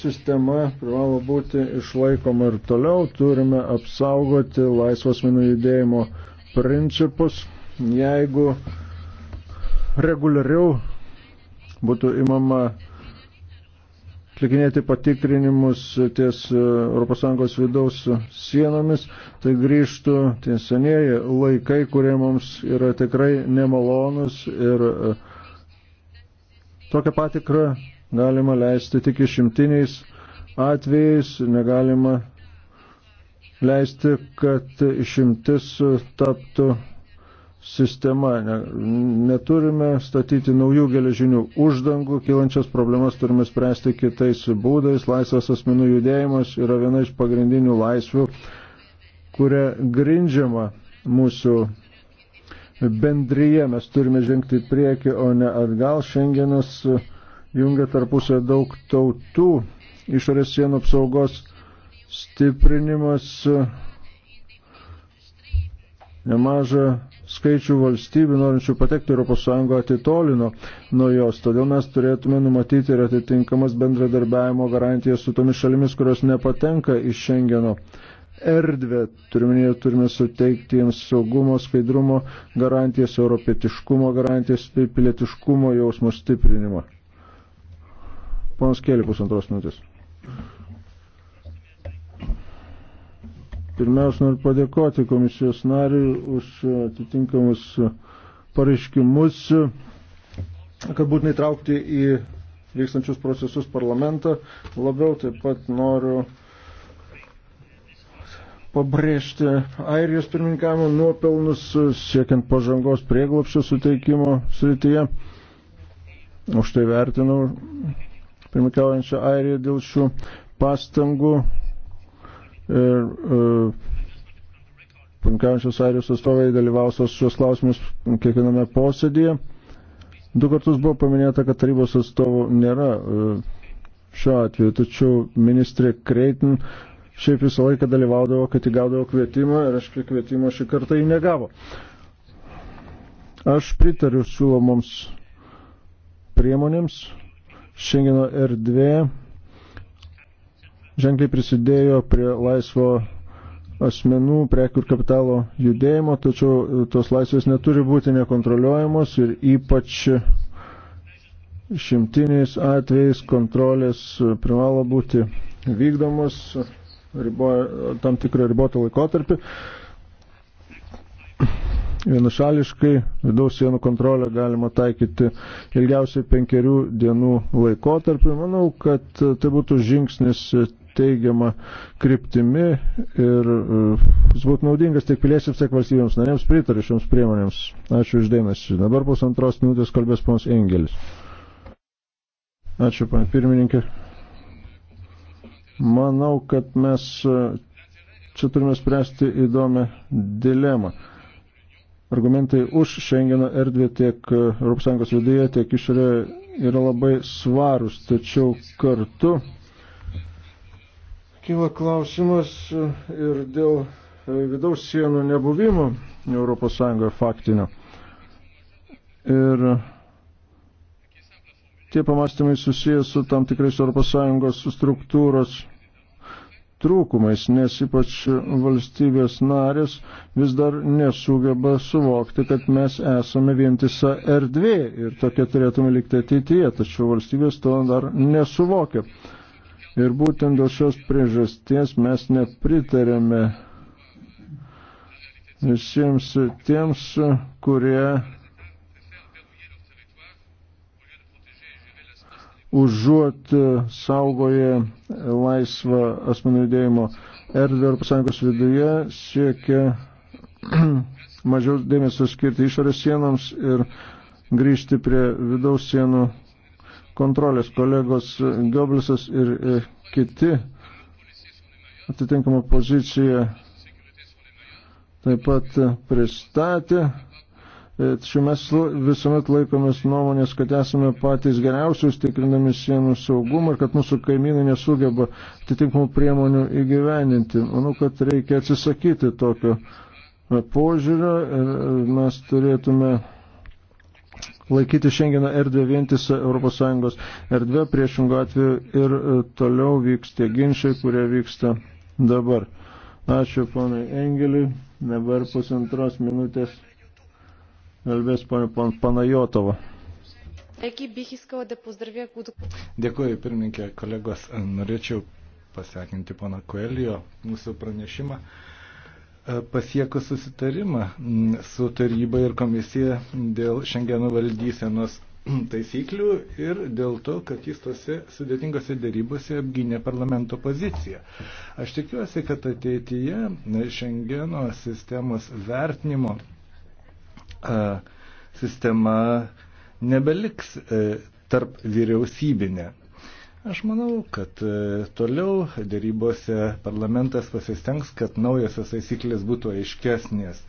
sistema privalo būti išlaikoma ir toliau. Turime apsaugoti laisvos minų judėjimo principus. Jeigu reguliariau būtų imama atlikinėti patikrinimus ties ES vidaus sienomis, tai grįžtų tie senieji laikai, kurie mums yra tikrai nemalonus ir e, tokią patikrą galima leisti tik išimtiniais atvejais, negalima leisti, kad išimtis taptų sistema. Ne, neturime statyti naujų geležinių uždangų, kylančias problemas turime spręsti kitais būdais. Laisvas asmenų judėjimas yra viena iš pagrindinių laisvių, kuria grindžiama mūsų bendryje. Mes turime žengti į priekį, o ne atgal. Šengenas jungia tarpusę daug tautų. Išorės sienų apsaugos stiprinimas nemažą skaičių valstybių norinčių patekti Europos Sąjungą atitolino nuo jos. Todėl mes turėtume numatyti ir atitinkamas bendradarbiavimo garantijas su tomis šalimis, kurios nepatenka iš Šengeno erdvę. Turime, turime suteikti jiems saugumo, skaidrumo garantijas, europietiškumo garantijas ir pilietiškumo jausmo stiprinimą. Ponas Kėlė, pusantros minutės. Pirmiausia, noriu padėkoti komisijos nariui už atitinkamus pareiškimus, kad būtinai traukti į vykstančius procesus parlamentą. Labiau taip pat noriu pabrėžti Airijos pirmininkavimo nuopelnus siekiant pažangos prieglopščio suteikimo srityje. Už tai vertinau pirmininkaujančią Airiją dėl šių pastangų ir e, Pankaujančios Airijos atstovai dalyvausios šios klausimus kiekviename posėdėje. Du kartus buvo paminėta, kad tarybos atstovų nėra e, šiuo atveju, tačiau ministrė Kreitin šiaip visą laiką dalyvaudavo, kad įgaudavo kvietimą ir aš kvietimą šį kartą jį negavo. Aš pritariu siūlomoms priemonėms. Šengino erdvė ženkliai prisidėjo prie laisvo asmenų, prekių ir kapitalo judėjimo, tačiau e, tos laisvės neturi būti nekontroliuojamos ir ypač šimtiniais atvejais kontrolės e, privalo būti vykdomos ribo, tam tikrą ribotą laikotarpį. Vienašališkai vidaus sienų kontrolę galima taikyti ilgiausiai penkerių dienų laikotarpį. Manau, kad e, tai būtų žingsnis teigiama kryptimi ir e, jis būtų naudingas tiek piliečiams, tiek valstybėms narėms pritarė šioms priemonėms. Ačiū uždėmesi. Dabar pusantros minutės kalbės ponas Engelis. Ačiū, pan pirmininkė. Manau, kad mes e, čia turime spręsti įdomią dilemą. Argumentai už Schengeno erdvę tiek ES viduje, tiek išorėje yra labai svarūs, tačiau kartu Kyla klausimas e, ir dėl e, vidaus sienų nebuvimo ES faktinio. Ir tie pamastymai susijęs su tam tikrais ES struktūros trūkumais, nes ypač valstybės narės vis dar nesugeba suvokti, kad mes esame vientisa erdvė ir tokia turėtume likti ateityje, tačiau valstybės to dar nesuvokia. Ir būtent dėl šios priežasties mes nepritarėme visiems tiems, kurie užuot saugoje laisvą asmenų judėjimo erdvę Europos Sąjungos viduje siekia mažiau dėmesio skirti išorės sienoms ir grįžti prie vidaus sienų kontrolės kolegos Goblesas ir e, kiti atitinkamą poziciją taip pat pristatė. E, tačiau mes visuomet laikomės nuomonės, kad esame patys geriausius, tikrindami sienų saugumą ir kad mūsų kaimynai nesugeba atitinkamų priemonių įgyveninti. Manau, kad reikia atsisakyti tokio požiūrio ir mes turėtume laikyti Šengeno erdvę vientisą ES erdvę, priešingų atveju ir e, toliau vyks tie ginčiai, kurie vyksta dabar. Ačiū ponai Engeliui. Dabar pusantros minutės kalbės pana Panajotova. Dėkuoju, pirmininkė, kolegos. Norėčiau pasveikinti pana Koelio mūsų pranešimą. E, pasiekus susitarimą su taryba ir komisija dėl šengeno valdysenos taisyklių ir dėl to, kad jis tose sudėtingose dėrybose apgynė parlamento poziciją. Aš tikiuosi, kad ateityje e, šengeno sistemos vertinimo a, e, sistema nebeliks e, tarp vyriausybinė. Aš manau, kad e, toliau dėrybose parlamentas pasistengs, kad naujosios taisyklės būtų aiškesnės.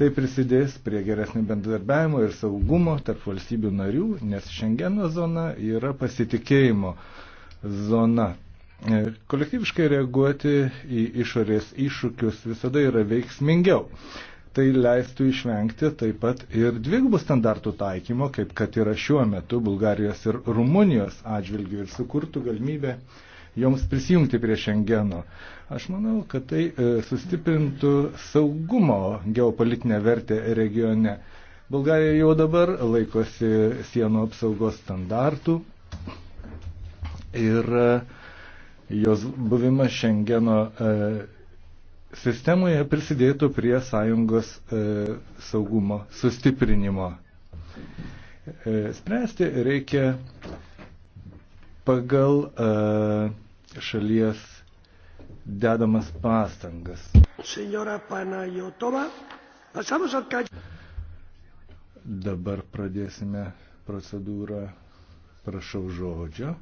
Tai prisidės prie geresnio bendradarbiavimo ir saugumo tarp valstybių narių, nes Šengeno zona yra pasitikėjimo zona. E, kolektyviškai reaguoti į išorės iššūkius visada yra veiksmingiau. Tai leistų išvengti taip pat ir dvigubų standartų taikymo, kaip kad yra šiuo metu Bulgarijos ir Rumunijos atžvilgių ir sukurtų galimybę joms prisijungti prie Šengeno. Aš manau, kad tai e, sustiprintų saugumo geopolitinę vertę regione. Bulgarija jau dabar laikosi sienų apsaugos standartų ir e, jos buvimas Šengeno e, sistemoje prisidėtų prie sąjungos e, saugumo sustiprinimo. E, spręsti reikia pagal e, šalies dedamas pastangas. Dabar pradėsime procedūrą. Prašau žodžio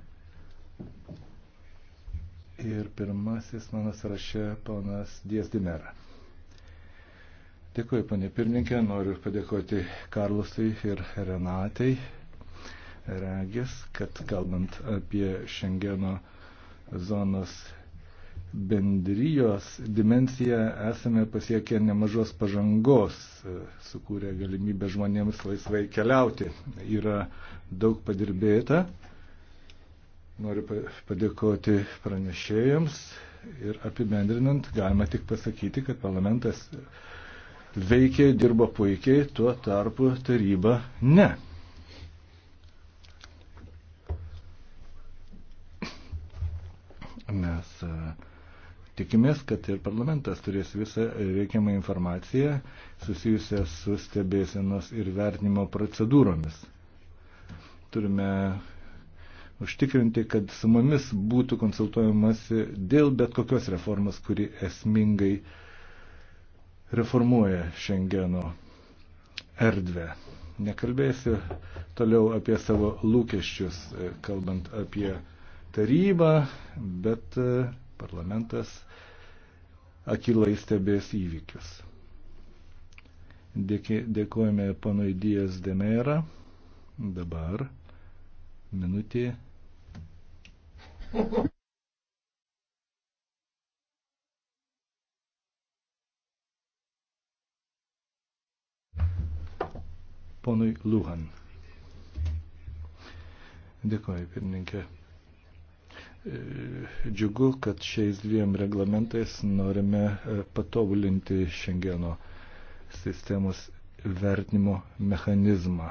ir pirmasis mano sąraše ponas Diezdimera. Dėkuoju, panė pirmininkė, noriu padėkoti Karlusui ir Renatai. Regis, kad kalbant apie Šengeno zonos bendrijos dimensiją esame pasiekę nemažos pažangos, sukūrė galimybę žmonėms laisvai keliauti. Yra daug padirbėta, Noriu padėkoti pranešėjams ir apibendrinant galima tik pasakyti, kad parlamentas veikė, dirbo puikiai, tuo tarpu taryba ne. Mes e, tikimės, kad ir parlamentas turės visą reikiamą informaciją susijusią su stebėsenos ir vertinimo procedūromis. Turime užtikrinti, kad su mumis būtų konsultuojamasi dėl bet kokios reformos, kuri esmingai reformuoja Šengeno erdvę. Nekalbėsiu toliau apie savo lūkesčius, e, kalbant apie tarybą, bet e, parlamentas akilai stebės įvykius. Dėki, dėkojame ponui Dijas Demera. Dabar minutė Ponui Luhan. Dėkuoju, pirmininkė. E, džiugu, kad šiais dviem reglamentais norime e, patobulinti Šengeno sistemos vertinimo mechanizmą.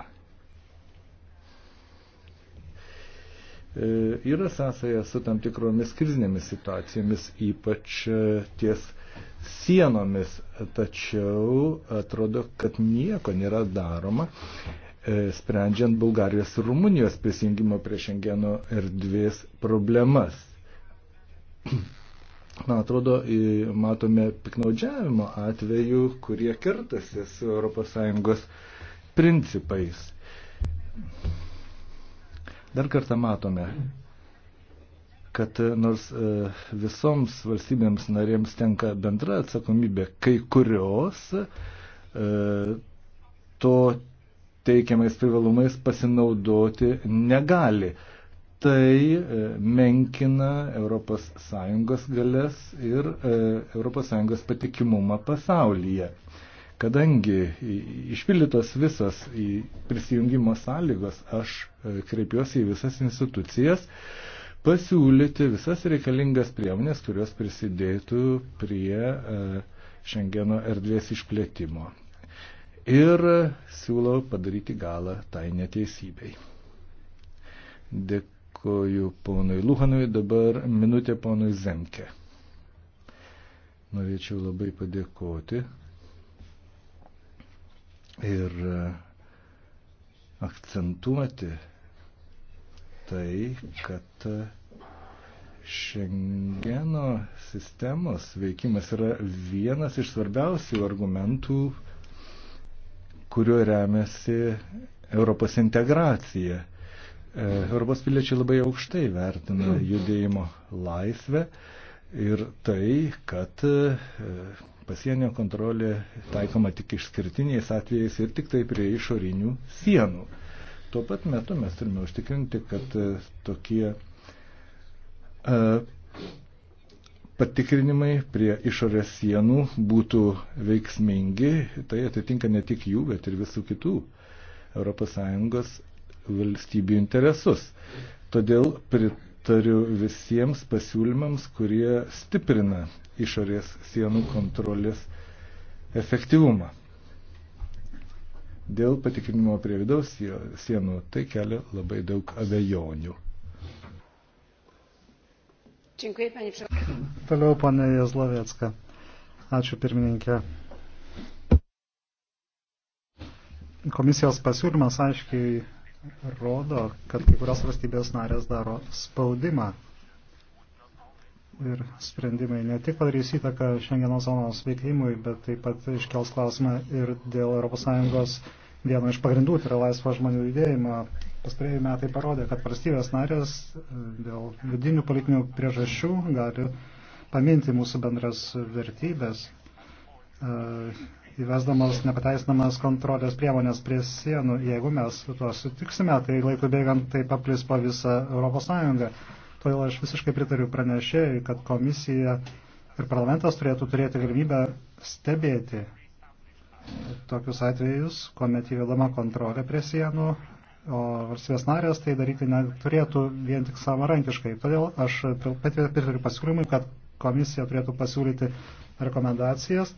E, yra sąsaja su tam tikromis krizinėmis situacijomis, ypač e, ties sienomis. Tačiau atrodo, kad nieko nėra daroma, e, sprendžiant Bulgarijos ir Rumunijos prisijungimo prie Šengeno erdvės problemas. Man atrodo, matome piknaudžiavimo atveju, kurie kertasi su ES principais. Dar kartą matome, kad e, nors e, visoms valstybėms narėms tenka bendra atsakomybė, kai kurios e, to teikiamais privalumais pasinaudoti negali. Tai menkina ES galės ir ES patikimumą pasaulyje. Kadangi išpildytos visas prisijungimo sąlygos, aš e, kreipiuosi į visas institucijas pasiūlyti visas reikalingas priemonės, kurios prisidėtų prie e, Šengeno erdvės išplėtimo. Ir e, siūlau padaryti galą tai neteisybei. Dėkui dėkoju ponui Luhanui, dabar minutė ponui Zemke. Norėčiau labai padėkoti ir e, akcentuoti tai, kad e, Šengeno sistemos veikimas yra vienas iš svarbiausių argumentų, kuriuo remiasi Europos integracija. E, Europos piliečiai labai aukštai vertina judėjimo laisvę ir tai, kad pasienio kontrolė taikoma tik išskirtiniais atvejais ir tik tai prie išorinių sienų. Tuo pat metu mes turime užtikrinti, kad e, tokie e, patikrinimai prie išorės sienų būtų veiksmingi. Tai atitinka ne tik jų, bet ir visų kitų ES valstybių interesus. Todėl prit pritariu visiems pasiūlymams, kurie stiprina išorės sienų kontrolės efektyvumą. Dėl patikrinimo prie vidaus sienų tai kelia labai daug abejonių. Toliau, ponė Jazlovėcka. Ačiū pirmininkė. Komisijos pasiūlymas aiškiai rodo, kad kai kurios valstybės narės daro spaudimą. Ir sprendimai ne tik padarys įtaką Šengeno zonos veikimui, bet taip pat iškels klausimą ir dėl ES vieno iš pagrindų, tai yra laisvo žmonių judėjimo. Pastarėjai metai parodė, kad valstybės narės e, dėl vidinių politinių priežasčių gali paminti mūsų bendras vertybės e, įvesdamos nepateisinamas kontrolės priemonės prie sienų. Jeigu mes su tuo sutiksime, tai laikui bėgant tai paplis po visą ES. Todėl aš visiškai pritariu pranešėjui, kad komisija ir parlamentas turėtų turėti galimybę stebėti tokius atvejus, kuomet įvedama kontrolė prie sienų, o valstybės narės tai daryti neturėtų vien tik savarankiškai. Todėl aš pritariu pasiūlymui, kad komisija turėtų pasiūlyti rekomendacijas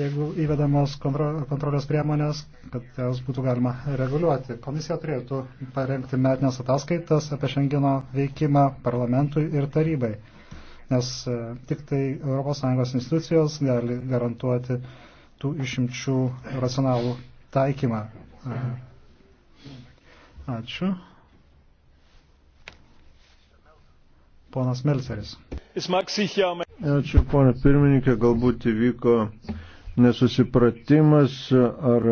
jeigu įvedamos kontrolės priemonės, kad jas būtų galima reguliuoti. Komisija turėtų parengti metinės ataskaitas apie Šengino veikimą parlamentui ir tarybai, nes e, tik tai ES institucijos gali garantuoti tų išimčių racionalų taikymą. Ačiū. Ponas Melceris. Ačiū, ponė pirmininkė, galbūt įvyko nesusipratimas ar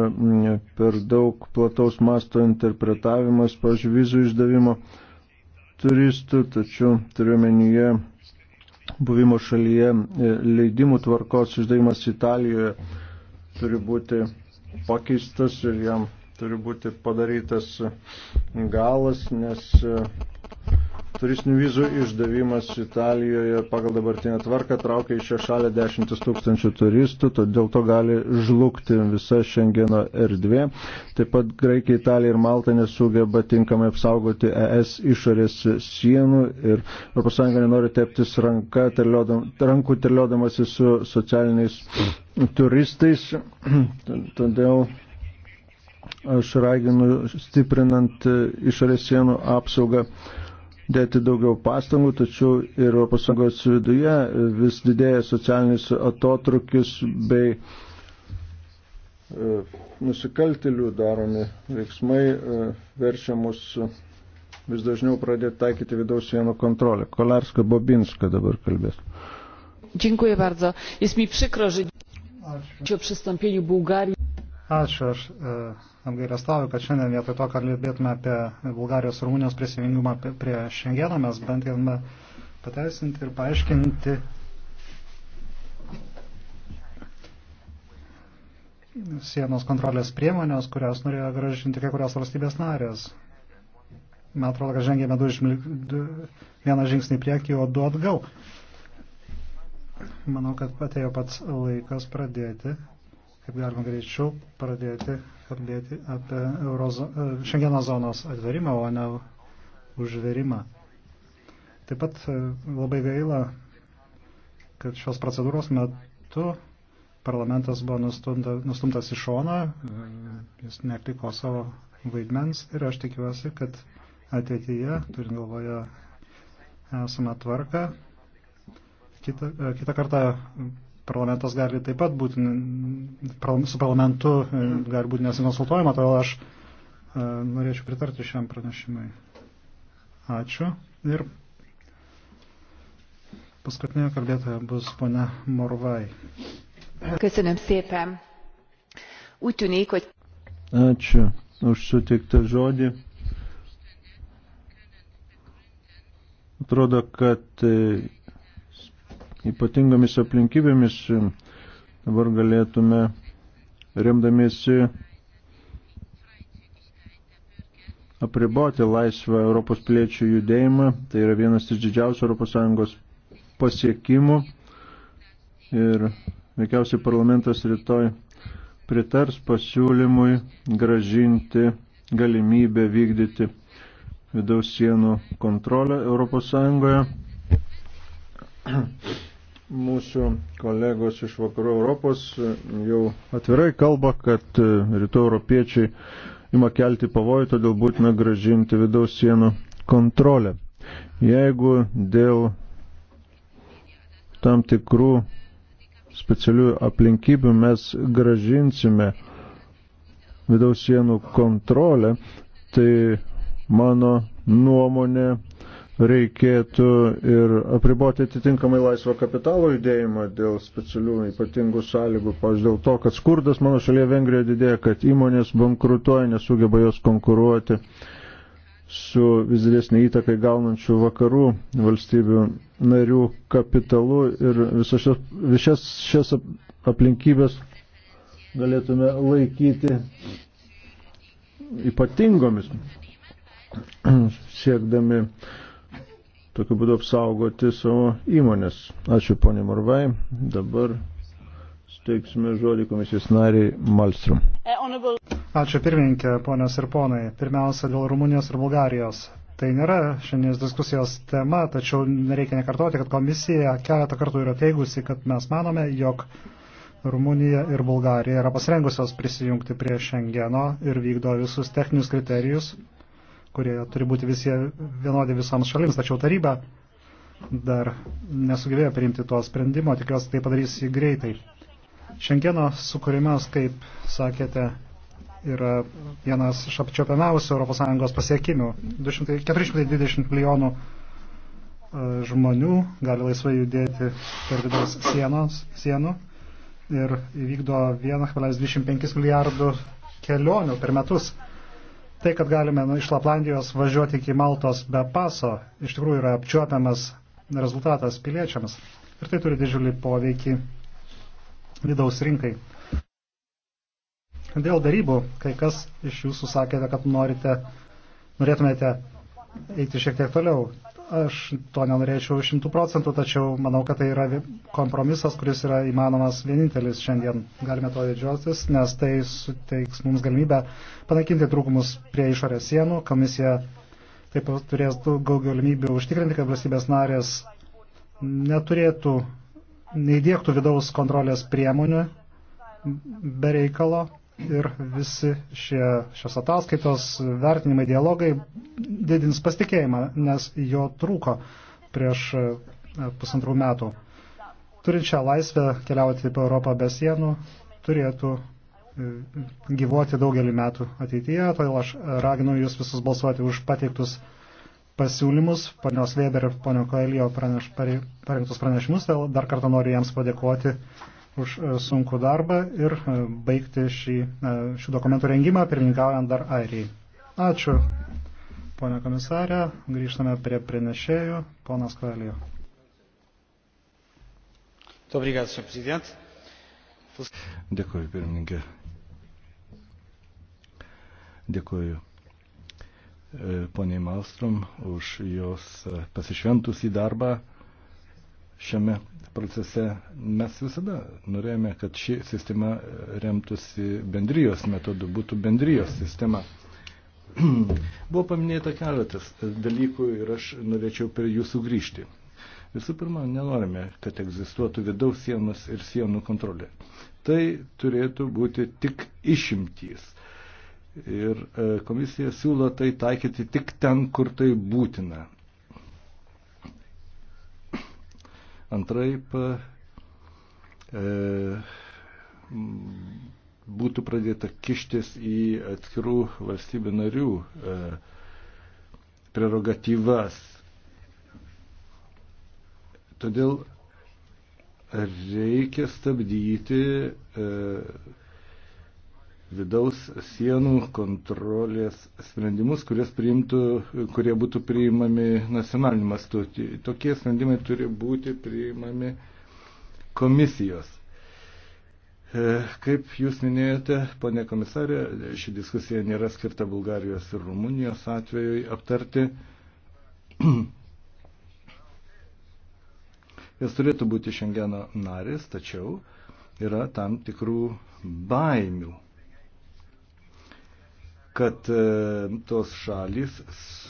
per daug plataus masto interpretavimas, pažiūrėjau, vizų išdavimo turistų, tačiau turiuomenyje buvimo šalyje e, leidimų tvarkos išdavimas Italijoje turi būti pakeistas ir jam turi būti padarytas galas, nes e, Turistinių vizų išdavimas Italijoje pagal dabartinę tvarką traukia į šią šalį dešimtis tūkstančių turistų, todėl to gali žlugti visa Šengeno erdvė. Taip pat Graikija, Italija ir Malta nesugeba tinkamai apsaugoti ES išorės sienų ir ES nenori teptis ranka, terliodam, rankų terliodamasi su socialiniais turistais. Todėl aš raginu stiprinant išorės sienų apsaugą dėti daugiau pastangų, tačiau ir ES viduje vis didėja socialinis atotrukis bei e, nusikaltelių daromi veiksmai e, verčia mus vis dažniau pradėti taikyti vidaus sienų kontrolę. Kolarska Bobinska dabar kalbės. Dziękuję bardzo. Jest mi przykro, że o przystąpieniu Bułgarii. Ačiū, aš e, apgailestauju, kad šiandien vietoj to, kad kalbėtume apie Bulgarijos ir Rumunijos prisijungimą prie Šengeno, mes bandėme pateisinti ir paaiškinti sienos kontrolės priemonės, kurias norėjo gražinti kai kurios valstybės narės. Man atrodo, kad žengėme du, du, vieną žingsnį priekį, o du atgal. Manau, kad atėjo pats laikas pradėti kaip galima greičiau pradėti kalbėti apie Eurozo, e, Šengeno zonos atverimą, o ne užverimą. Taip pat e, labai gaila, kad šios procedūros metu parlamentas buvo nustumta, nustumtas į šoną, e, jis netliko savo vaidmens ir aš tikiuosi, kad ateityje, turint galvoje esamą tvarką, kitą, kitą kartą parlamentas gali taip pat būti, su parlamentu e, gali būti nesikonsultuojama, todėl aš e, norėčiau pritarti šiam pranešimui. Ačiū. Ir paskutinė kalbėtoja bus ponia Morvai. Köszönöm szépen. Úgy tűnik, hogy... Ačiū už sutiktą žodį. Atrodo, kad e, ypatingomis aplinkybėmis e, dabar galėtume remdamiesi apriboti laisvą Europos piliečių judėjimą. Tai yra vienas iš didžiausių ES pasiekimų. Ir veikiausiai parlamentas rytoj pritars pasiūlymui gražinti galimybę vykdyti vidaus sienų kontrolę Europos Sąjungoje mūsų kolegos iš vakarų Europos e, jau atvirai kalba, kad e, rytų europiečiai ima kelti pavojų, todėl būtina gražinti vidaus sienų kontrolę. Jeigu dėl tam tikrų specialių aplinkybių mes gražinsime vidaus sienų kontrolę, tai mano nuomonė reikėtų ir apriboti atitinkamai laisvą kapitalo judėjimą dėl specialių ypatingų sąlygų, pavyzdžiui, dėl to, kad skurdas mano šalyje Vengrijoje didėja, kad įmonės bankrutuoja, nesugeba jos konkuruoti su vis didesnė įtakai gaunančių vakarų valstybių narių kapitalu ir visas šias, visas šias aplinkybės galėtume laikyti ypatingomis siekdami uh, tokiu būdu apsaugoti savo įmonės. Ačiū, ponė Morvai. Dabar steiksime žodį komisijos nariai Malstrom. Ačiū pirmininkė, ponios ir ponai. Pirmiausia, dėl Rumunijos ir Bulgarijos. Tai nėra šiandienos diskusijos tema, tačiau nereikia nekartoti, kad komisija keletą kartų yra teigusi, kad mes manome, jog Rumunija ir Bulgarija yra pasirengusios prisijungti prie Šengeno ir vykdo visus techninius kriterijus kurie turi būti visi vienodi visoms šalims, tačiau taryba dar nesugebėjo priimti to sprendimo, tikiuosi tai padarys jį greitai. Šengeno sukūrimas, kaip sakėte, yra vienas iš apčiopiamiausių ES pasiekimių. 200, 420 milijonų e, žmonių gali laisvai judėti per vidaus sienos, sienų ir įvykdo 1,25 milijardų kelionių per metus. Tai, kad galime nu, iš Laplandijos važiuoti iki Maltos be paso, iš tikrųjų yra apčiuopiamas rezultatas piliečiams. Ir tai turi didžiulį poveikį vidaus rinkai. Dėl darybų, kai kas iš jūsų sakėte, kad norite, norėtumėte eiti šiek tiek toliau. Aš to nenorėčiau šimtų procentų, tačiau manau, kad tai yra kompromisas, kuris yra įmanomas vienintelis šiandien. Galime to didžiuotis, nes tai suteiks mums galimybę panaikinti trūkumus prie išorės sienų. Komisija taip pat turės daug galimybių užtikrinti, kad valstybės narės neturėtų, neįdėktų vidaus kontrolės priemonių be reikalo ir visi šie, šios ataskaitos vertinimai, dialogai didins pasitikėjimą, nes jo trūko prieš e, pusantrų metų. Turint šią laisvę keliauti po Europą be sienų, turėtų e, gyvuoti daugelį metų ateityje, todėl aš raginu jūs visus balsuoti už pateiktus pasiūlymus, ponios Weber ir ponio Koelio praneš, parengtus pranešimus, dar kartą noriu jiems padėkoti už e, sunku darbą ir e, baigti šį, e, šių dokumentų rengimą, pirmininkaujant dar Airijai. Ačiū, ponia komisarė. Grįžtame prie pranešėjų, ponas Kvalio. Dėkuoju, pirmininkė. Dėkuoju poniai Malstrom už jos pasišventus į darbą šiame procese. Mes visada norėjome, kad ši sistema remtųsi bendrijos metodu, būtų bendrijos sistema. Buvo paminėta keletas dalykų ir aš norėčiau prie jų sugrįžti. Visų pirma, nenorime, kad egzistuotų vidaus sienos ir sienų kontrolė. Tai turėtų būti tik išimtys. Ir e, komisija siūlo tai taikyti tik ten, kur tai būtina. Antraip e, būtų pradėta kištis į atskirų valstybių narių e, prerogatyvas. Todėl reikia stabdyti e, vidaus sienų kontrolės sprendimus, priimtų, kurie būtų priimami nacionaliniu mastu. Tokie sprendimai turi būti priimami komisijos. E, kaip jūs minėjote, ponė komisarė, ši diskusija nėra skirta Bulgarijos ir Rumunijos atvejui aptarti. Jos turėtų būti Šengeno narės, tačiau yra tam tikrų baimių kad e, tos šalis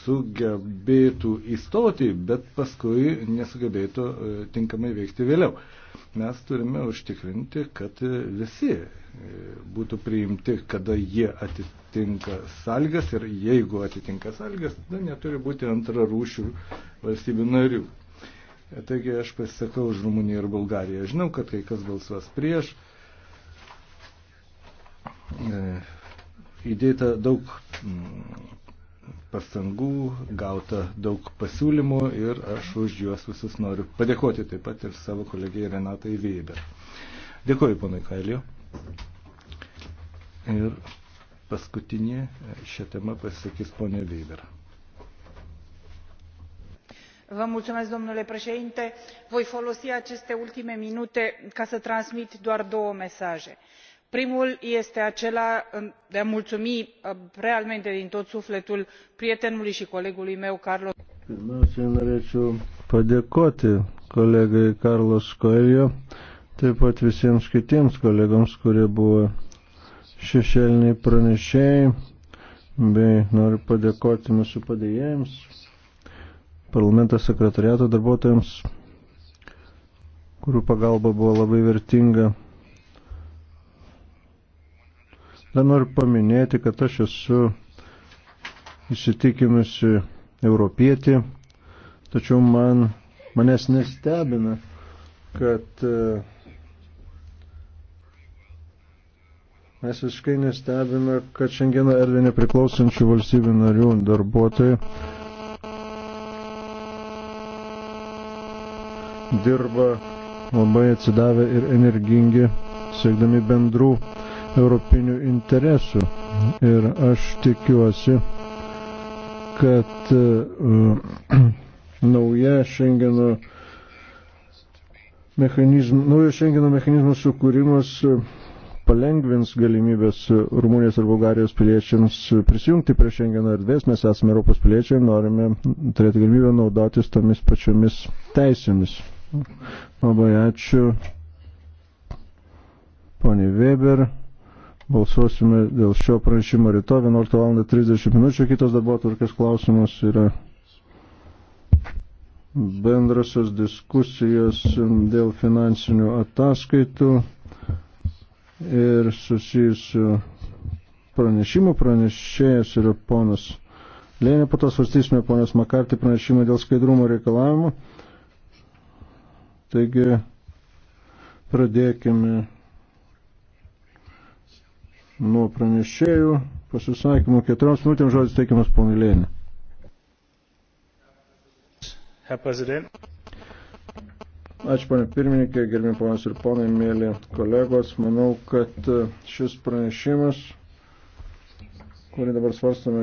sugebėtų įstoti, bet paskui nesugebėtų e, tinkamai veikti vėliau. Mes turime užtikrinti, kad e, visi būtų priimti, kada jie atitinka sąlygas ir jeigu atitinka sąlygas, tada neturi būti antrarūšių valstybių narių. Taigi aš pasisakau už Rumuniją ir Bulgariją. Žinau, kad kai kas balsuos prieš, įdėta daug mm, pastangų, gauta daug pasiūlymų ir aš už juos visus noriu padėkoti taip pat ir savo kolegijai Renatai Weber. Dėkoju, ponai Kailio. Ir paskutinė šią temą pasisakys ponė Weber. Vă mulțumesc, domnule președinte. Voi folosi aceste ultime minute ca să transmit doar două mesaje primul este acela um, de a mulțumi uh, realmente din tot sufletul prietenului și colegului meu carlos Pirmiausiai norėčiau padėkoti kolegai Karlos Koelio, taip pat visiems kitiems kolegams, kurie buvo šešėliniai pranešėjai, bei noriu padėkoti mūsų padėjėjams, parlamento sekretariato darbuotojams, kurių pagalba buvo labai vertinga Dar noriu paminėti, kad aš esu įsitikinusi europietį, tačiau man, manęs nestebina, kad e, Mes visiškai nestebime, kad šiandieną erdvė nepriklausančių valstybių narių darbuotojai dirba labai atsidavę ir energingi, siekdami bendrų europinių interesų. Ir aš tikiuosi, kad uh, nauja Šengeno mechanizmų, naujo Šengeno mechanizmų sukūrimas e, palengvins galimybės Rumunijos ir Bulgarijos piliečiams prisijungti prie Šengeno erdvės. Mes esame Europos piliečiai ir norime turėti galimybę naudotis tomis pačiomis teisėmis. Labai ačiū. Pone Weber. Balsuosime dėl šio pranešimo ryto 11.30 minučių. Kitas darbo tvarkės klausimas yra bendrasios diskusijos dėl finansinių ataskaitų ir susijusių pranešimų. Pranešėjas yra ponas Lėnė, po to svarstysime ponas Makartį pranešimą dėl skaidrumo reikalavimų. Taigi pradėkime nuo pranešėjų pasisakymų. Keturioms minutėms žodis teikiamas ponui Lėnė. Ačiū, ponė pirmininkė, gerbimi ponas ir ponai, mėly kolegos. Manau, kad šis pranešimas, kurį dabar svarstame,